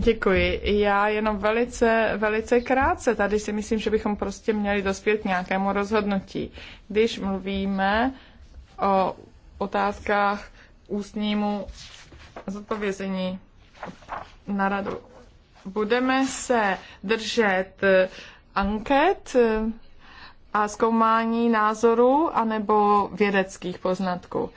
Děkuji. Já jenom velice, velice krátce. Tady si myslím, že bychom prostě měli dospět k nějakému rozhodnutí. Když mluvíme o otázkách ústnímu zodpovězení na radu. Budeme se držet eh, anket eh, a zkoumání názoru anebo vědeckých poznatků.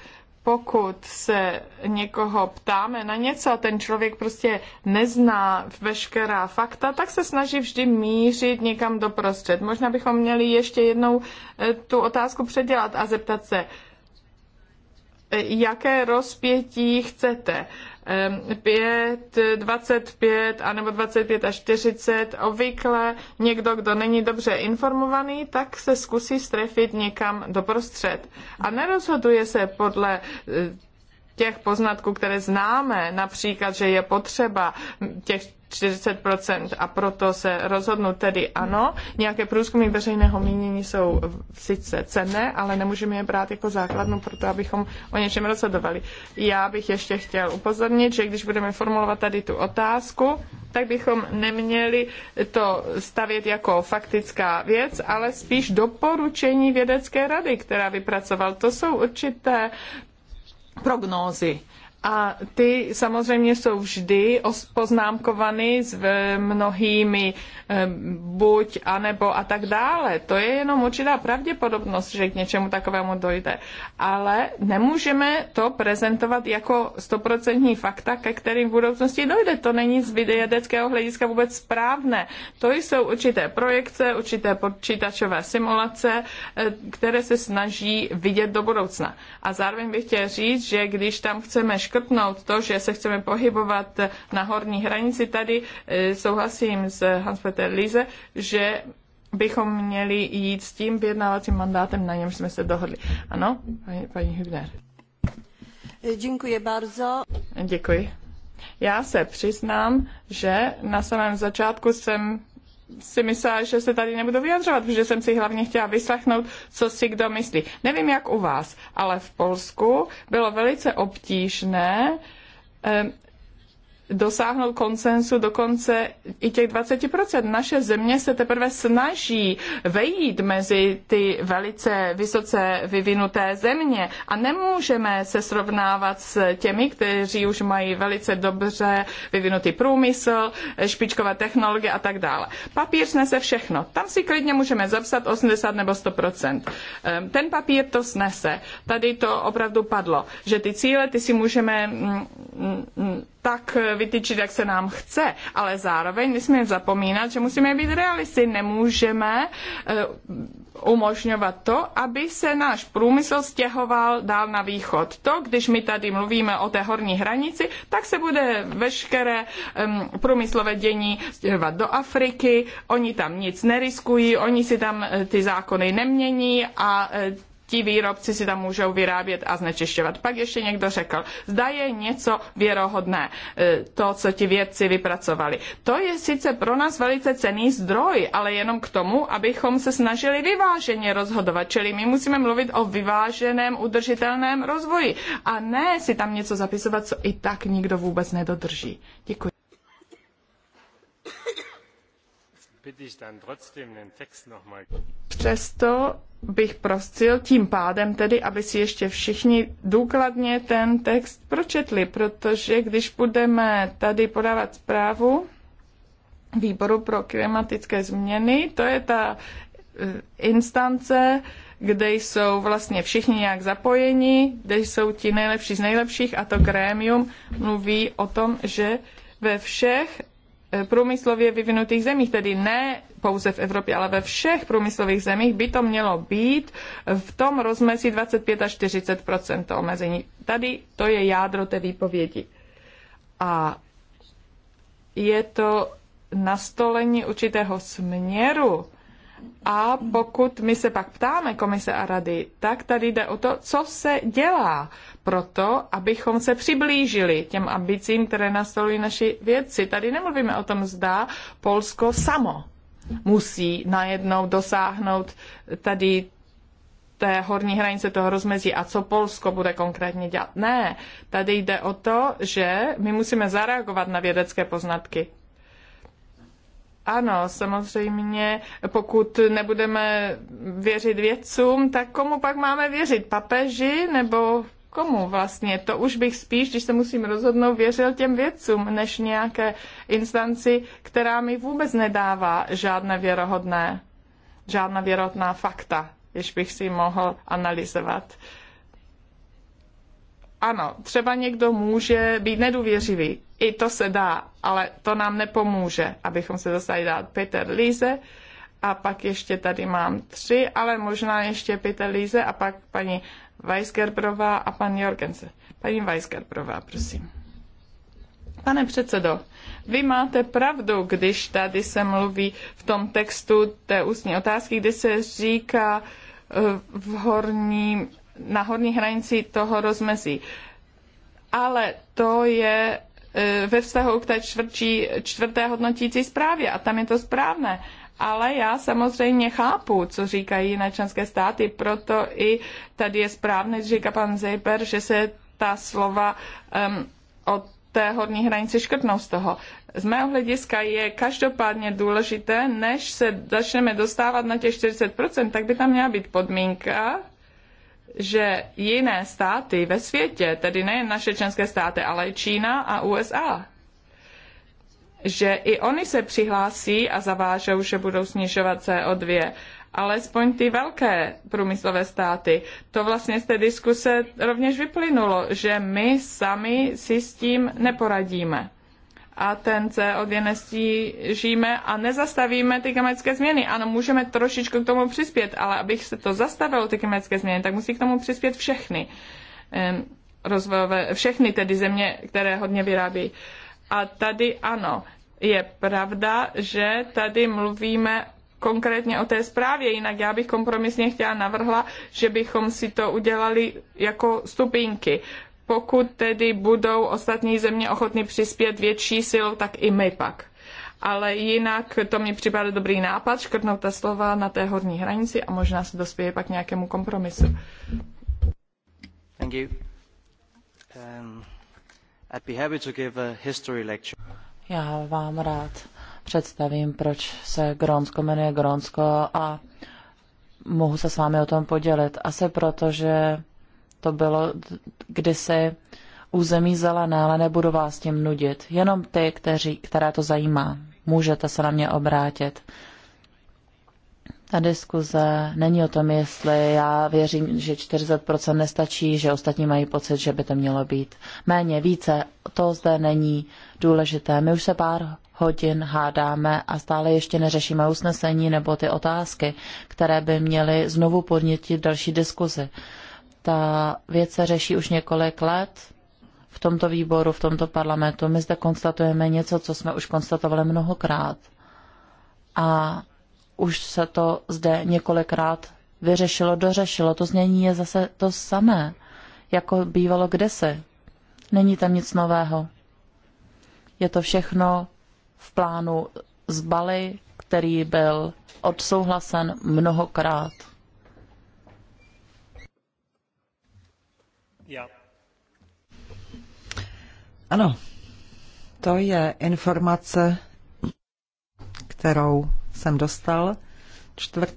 Pokud se někoho ptáme na něco a ten člověk prostě nezná veškerá fakta, tak se snaží vždy mířit někam do prostřed. Možná bychom měli ještě jednou eh, tu otázku předělat a zeptat se, jaké rozpětí chcete. 5, 25 anebo 25 až 40. Obvykle někdo, kdo není dobře informovaný, tak se zkusí strefit někam doprostřed. A nerozhoduje se podle eh, těch poznatků, které známe, například, že je potřeba těch 40%. A proto se rozhodnu tedy ano. Nějaké průzkumy veřejného mínění jsou sice cenné, ale nemůžeme je brát jako základnu pro to, abychom o něčem rozhodovali. Já bych ještě chtěl upozornit, že když budeme formulovat tady tu otázku, tak bychom neměli to stavět jako faktická věc, ale spíš doporučení vědecké rady, která vypracoval. To jsou určité prognózy a ty samozřejmě jsou vždy poznámkovány s mnohými eh, buď, a nebo a tak dále. To je jenom určitá pravděpodobnost, že k něčemu takovému dojde. Ale nemůžeme to prezentovat jako stoprocentní fakta, ke kterým v budoucnosti dojde. To není z vědeckého hlediska vůbec správné. To jsou určité projekce, určité počítačové simulace, eh, které se snaží vidět do budoucna. A zároveň bych chtěl říct, že když tam chceme škol- škrtnout to, že se chceme pohybovat na horní hranici. Tady e, souhlasím s Hans-Peter Lize, že bychom měli jít s tím vyjednávacím mandátem, na němž jsme se dohodli. Ano, paní, paní Hübner. Děkuji bardzo. Děkuji. Já se přiznám, že na samém začátku jsem si myslela, že se tady nebudu vyjadřovat, protože jsem si hlavně chtěla vyslechnout, co si kdo myslí. Nevím, jak u vás, ale v Polsku bylo velice obtížné dosáhnout konsensu dokonce i těch 20%. Naše země se teprve snaží vejít mezi ty velice vysoce vyvinuté země a nemůžeme se srovnávat s těmi, kteří už mají velice dobře vyvinutý průmysl, špičkové technologie a tak dále. Papír snese všechno. Tam si klidně můžeme zapsat 80 nebo 100%. Ehm, ten papír to snese. Tady to opravdu padlo, že ty cíle, ty si můžeme mm, mm, tak eh, vytyčit, jak se nám chce, ale zároveň nesmíme zapomínat, že musíme být realisty. Nemůžeme eh, umožňovat to, aby se náš průmysl stěhoval dál na východ. To, když my tady mluvíme o té horní hranici, tak se bude veškeré um, průmyslové dění stěhovat do Afriky, oni tam nic neriskují, oni si tam eh, ty zákony nemění a ti výrobci si tam můžou vyrábět a znečišťovat. Pak ještě někdo řekl, zda je něco věrohodné, e, to, co ti vědci vypracovali. To je sice pro nás velice cený zdroj, ale jenom k tomu, abychom se snažili vyváženě rozhodovat. Čili my musíme mluvit o vyváženém, udržitelném rozvoji a ne si tam něco zapisovat, co i tak nikdo vůbec nedodrží. Děkuji. Přesto bych prosil tím pádem tedy, aby si ještě všichni důkladně ten text pročetli, protože když budeme tady podávat zprávu výboru pro klimatické změny, to je ta eh, instance, kde jsou vlastně všichni nějak zapojeni, kde jsou ti nejlepší z nejlepších a to grémium mluví o tom, že ve všech Eh, průmyslově vyvinutých zemích, tedy ne pouze v Evropě, ale ve všech průmyslových zemích by to mělo být v tom rozmezí 25 až 40 to omezení. Tady to je jádro té výpovědi. A je to nastolení určitého směru. A pokud my se pak ptáme komise a rady, tak tady jde o to, co se dělá proto, abychom se přiblížili těm ambicím, které nastolují naši vědci. Tady nemluvíme o tom, zda Polsko samo musí najednou dosáhnout tady té horní hranice toho rozmezí a co Polsko bude konkrétně dělat. Ne, tady jde o to, že my musíme zareagovat na vědecké poznatky. Ano, samozřejmě, pokud nebudeme věřit vědcům, tak komu pak máme věřit? Papeži nebo komu vlastně. To už bych spíš, když se musím rozhodnout, věřil těm vědcům, než nějaké instanci, která mi vůbec nedává žádné věrohodné, žádná věrohodná fakta, když bych si mohl analyzovat. Ano, třeba někdo může být nedůvěřivý. I to se dá, ale to nám nepomůže, abychom se dostali dát. Peter Líze, a pak ještě tady mám tři, ale možná ještě Peter Líze a pak paní Weisgerberová a pan Jorgensen. Paní Weisgerberová, prosím. Pane předsedo, vy máte pravdu, když tady se mluví v tom textu té ústní otázky, kde se říká eh, v horní, na horní hranici toho rozmezí. Ale to je eh, ve vztahu k té čtvrtí, čtvrté hodnotící zprávě a tam je to správné ale já samozřejmě chápu, co říkají jiné členské státy, proto i tady je správné, říká pan Zejper, že se ta slova um, od té horní hranice škrtnou z toho. Z mého hlediska je každopádně důležité, než se začneme dostávat na těch 40%, tak by tam měla být podmínka, že jiné státy ve světě, tedy nejen naše členské státy, ale i Čína a USA, že i oni se přihlásí a zavážou, že budou snižovat CO2 alespoň ty velké průmyslové státy. To vlastně z té diskuse rovněž vyplynulo, že my sami si s tím neporadíme. A ten CO2 nestížíme a nezastavíme ty klimatické změny. Ano, můžeme trošičku k tomu přispět, ale abych se to zastavilo, ty klimatické změny, tak musí k tomu přispět všechny rozvojové, všechny tedy země, které hodně vyrábí. A tady ano, je pravda, že tady mluvíme konkrétně o té zprávě, jinak já bych kompromisně chtěla navrhla, že bychom si to udělali jako stupínky. Pokud tedy budou ostatní země ochotny přispět větší silou, tak i my pak. Ale jinak to mi připadá dobrý nápad, škrtnout ta slova na té horní hranici a možná se dospěje pak nějakému kompromisu. Thank you. Um, I'd be happy to give a history lecture. Já vám rád představím, proč se Grónsko jmenuje Grónsko a mohu se s vámi o tom podělit. Asi proto, že to bylo kdysi území zelené, ale nebudu vás tím nudit. Jenom ty, kteří, které to zajímá, můžete se na mě obrátit. Ta diskuze není o tom, jestli já věřím, že 40% nestačí, že ostatní mají pocit, že by to mělo být méně, více. To zde není důležité. My už se pár hodin hádáme a stále ještě neřešíme usnesení nebo ty otázky, které by měly znovu podnětit další diskuzi. Ta věc se řeší už několik let v tomto výboru, v tomto parlamentu. My zde konstatujeme něco, co jsme už konstatovali mnohokrát. A už se to zde několikrát vyřešilo, dořešilo. To znění je zase to samé, jako bývalo kdesi. Není tam nic nového. Je to všechno v plánu z Bali, který byl odsouhlasen mnohokrát. Já. Ano, to je informace, kterou jsem dostal 4.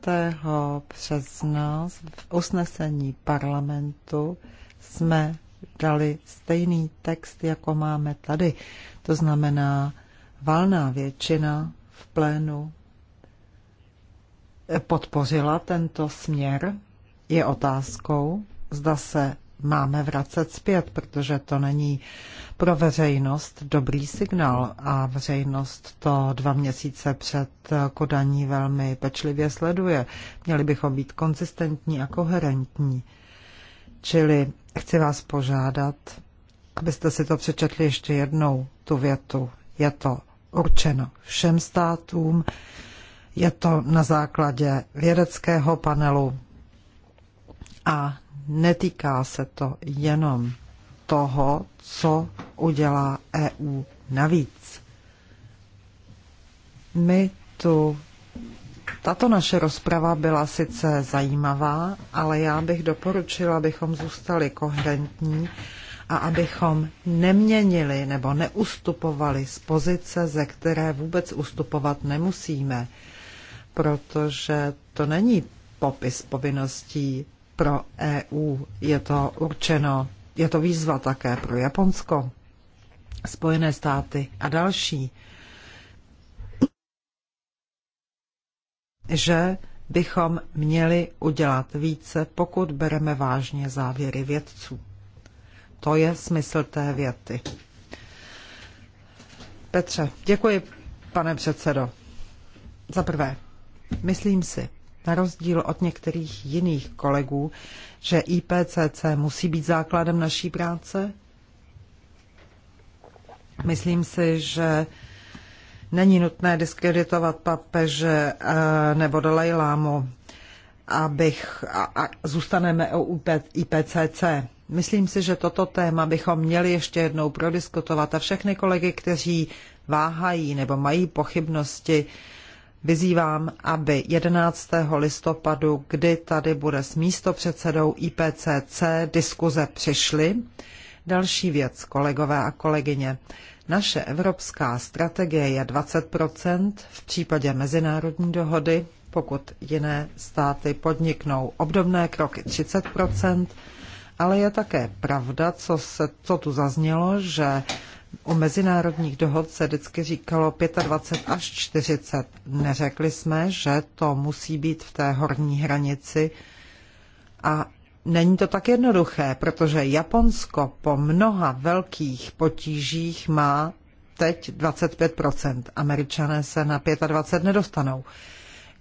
března v usnesení parlamentu jsme dali stejný text, jako máme tady. To znamená, valná většina v plénu podpořila tento směr. Je otázkou, zda se máme vracet zpět, protože to není pro veřejnost dobrý signál a veřejnost to dva měsíce před kodaní velmi pečlivě sleduje. Měli bychom být konzistentní a koherentní. Čili chci vás požádat, abyste si to přečetli ještě jednou, tu větu. Je to určeno všem státům, je to na základě vědeckého panelu a netýká se to jenom toho, co udělá EU navíc. My tu tato naše rozprava byla sice zajímavá, ale já bych doporučila, abychom zůstali koherentní a abychom neměnili nebo neustupovali z pozice, ze které vůbec ustupovat nemusíme, protože to není popis povinností pro EU. Je to určeno, je to výzva také pro Japonsko, Spojené státy a další, že bychom měli udělat více, pokud bereme vážně závěry vědců. To je smysl té věty. Petře, děkuji, pane předsedo. Za prvé, myslím si, na rozdíl od některých jiných kolegů, že IPCC musí být základem naší práce? Myslím si, že není nutné diskreditovat papeže eh, nebo Dalai Lámu, abych a, a zůstaneme u IPCC. Myslím si, že toto téma bychom měli ještě jednou prodiskutovat a všechny kolegy, kteří váhají nebo mají pochybnosti, vyzývám, aby 11. listopadu, kdy tady bude s místopředsedou IPCC diskuze přišly. Další věc, kolegové a kolegyně. Naše evropská strategie je 20 v případě mezinárodní dohody, pokud jiné státy podniknou obdobné kroky 30 ale je také pravda, co, se, co tu zaznělo, že u mezinárodních dohod se vždycky říkalo 25 až 40. Neřekli jsme, že to musí být v té horní hranici a Není to tak jednoduché, protože Japonsko po mnoha velkých potížích má teď 25%. Američané se na 25% nedostanou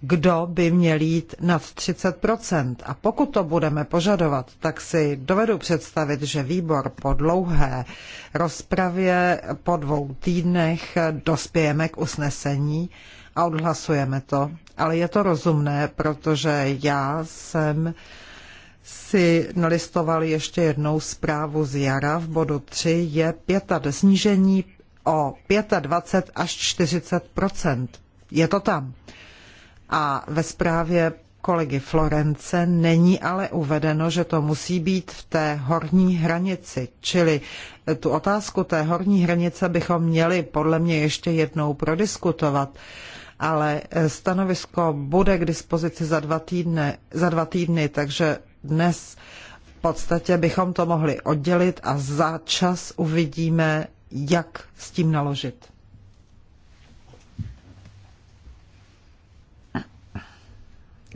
kdo by měl jít nad 30%. A pokud to budeme požadovat, tak si dovedu představit, že výbor po dlouhé rozpravě po dvou týdnech dospějeme k usnesení a odhlasujeme to. Ale je to rozumné, protože já jsem si nalistovali ještě jednou zprávu z jara. V bodu 3 je pěta, snížení o 25 až 40 Je to tam. A ve zprávě kolegy Florence není ale uvedeno, že to musí být v té horní hranici. Čili tu otázku té horní hranice bychom měli podle mě ještě jednou prodiskutovat ale stanovisko bude k dispozici za dva, týdne, za dva týdny, takže dnes v podstatě bychom to mohli oddělit a za čas uvidíme, jak s tím naložit.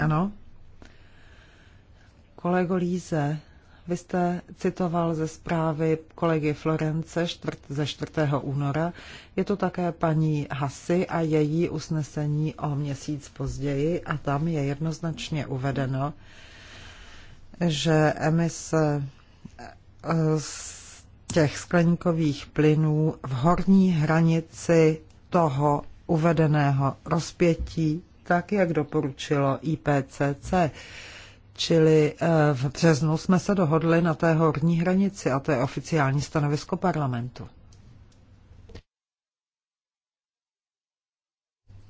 Ano. Kolego Líze, vy jste citoval ze zprávy kolegy Florence čtvrt, ze 4. února. Je to také paní Hasy a její usnesení o měsíc později a tam je jednoznačně uvedeno, že emise eh, z těch skleníkových plynů v horní hranici toho uvedeného rozpětí tak, jak doporučilo IPCC. Čili eh, v březnu jsme se dohodli na té horní hranici a to je oficiální stanovisko parlamentu.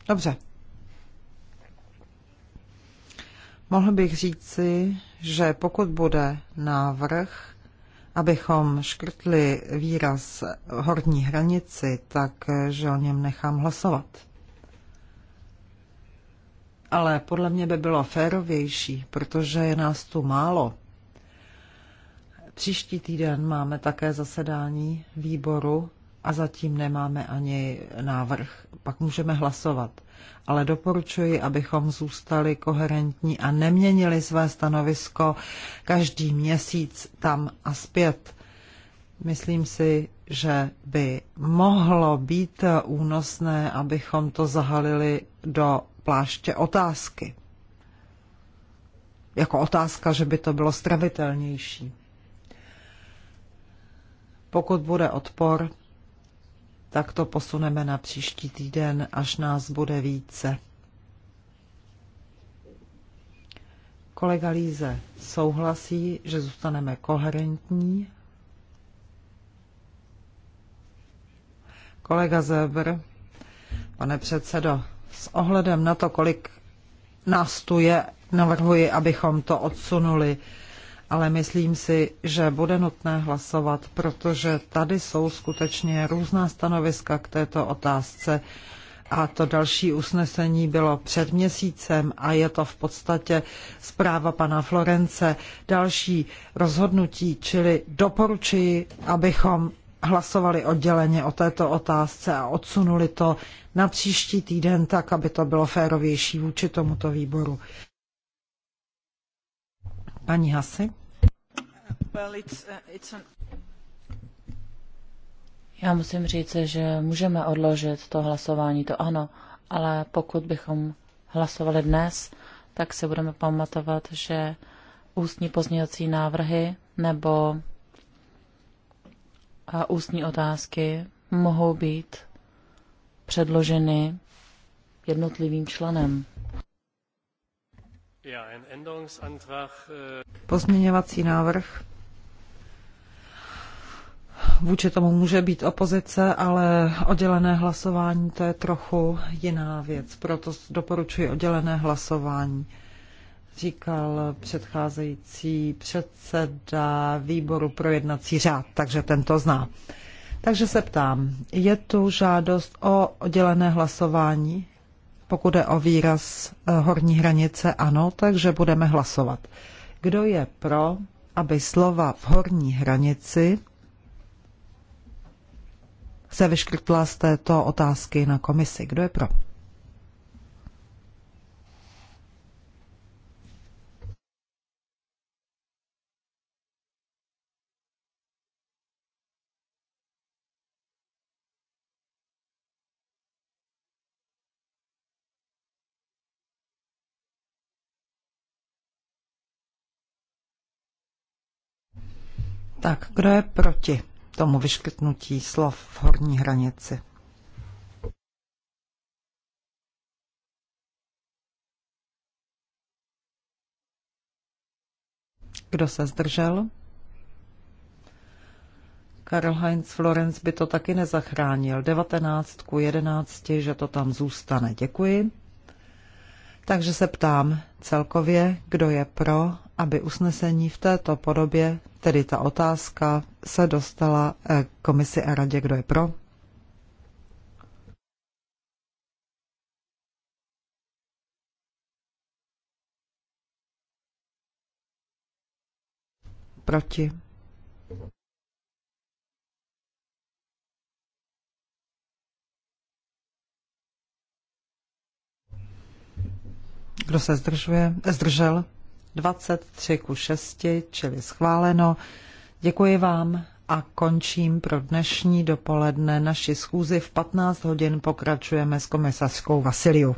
Dobře. Mohl bych říci, že pokud bude návrh, abychom škrtli výraz horní hranici, tak eh, že o něm nechám hlasovat ale podle mě by bylo férovější, protože je nás tu málo. Příští týden máme také zasedání výboru a zatím nemáme ani návrh. Pak můžeme hlasovat. Ale doporučuji, abychom zůstali koherentní a neměnili své stanovisko každý měsíc tam a zpět. Myslím si, že by mohlo být únosné, abychom to zahalili do pláště otázky. Jako otázka, že by to bylo stravitelnější. Pokud bude odpor, tak to posuneme na příští týden, až nás bude více. Kolega Líze souhlasí, že zůstaneme koherentní. Kolega Zebr, pane předsedo, s ohledem na to, kolik nás tu je, navrhuji, abychom to odsunuli. Ale myslím si, že bude nutné hlasovat, protože tady jsou skutečně různá stanoviska k této otázce. A to další usnesení bylo před měsícem a je to v podstatě zpráva pana Florence. Další rozhodnutí, čili doporučuji, abychom hlasovali odděleně o této otázce a odsunuli to na příští týden tak, aby to bylo férovější vůči tomuto výboru. Paní Hasy? Well, it's, uh, it's an... Já musím říct, že můžeme odložit to hlasování, to ano, ale pokud bychom hlasovali dnes, tak si budeme pamatovat, že ústní pozměňovací návrhy nebo a ústní otázky mohou být předloženy jednotlivým členem. Äh, Pozměňovací návrh. Vůči tomu může být opozice, ale oddělené hlasování to je trochu jiná věc, proto doporučuji oddělené hlasování říkal předcházející předseda výboru pro jednací řád, takže tento zná. Takže se ptám, je tu žádost o oddělené hlasování? Pokud je o výraz eh, horní hranice, ano, takže budeme hlasovat. Kdo je pro, aby slova v horní hranici se vyškrtla z této otázky na komisi? Kdo je pro? Tak, kdo je proti tomu vyškrtnutí slov v horní hranici? Kdo se zdržel? Karl Heinz Florenz by to taky nezachránil. 19 ku 11, že to tam zůstane. Děkuji. Takže se ptám celkově, kdo je pro, aby usnesení v této podobě, tedy ta otázka, se dostala eh, komisi a radě, kdo je pro? Proti. Kdo se zdržuje? Zdržel? 23 ku 6, čili schváleno. Děkuji vám a končím pro dnešní dopoledne naši schůzi. V 15 hodin pokračujeme s komisařskou Vasiliu.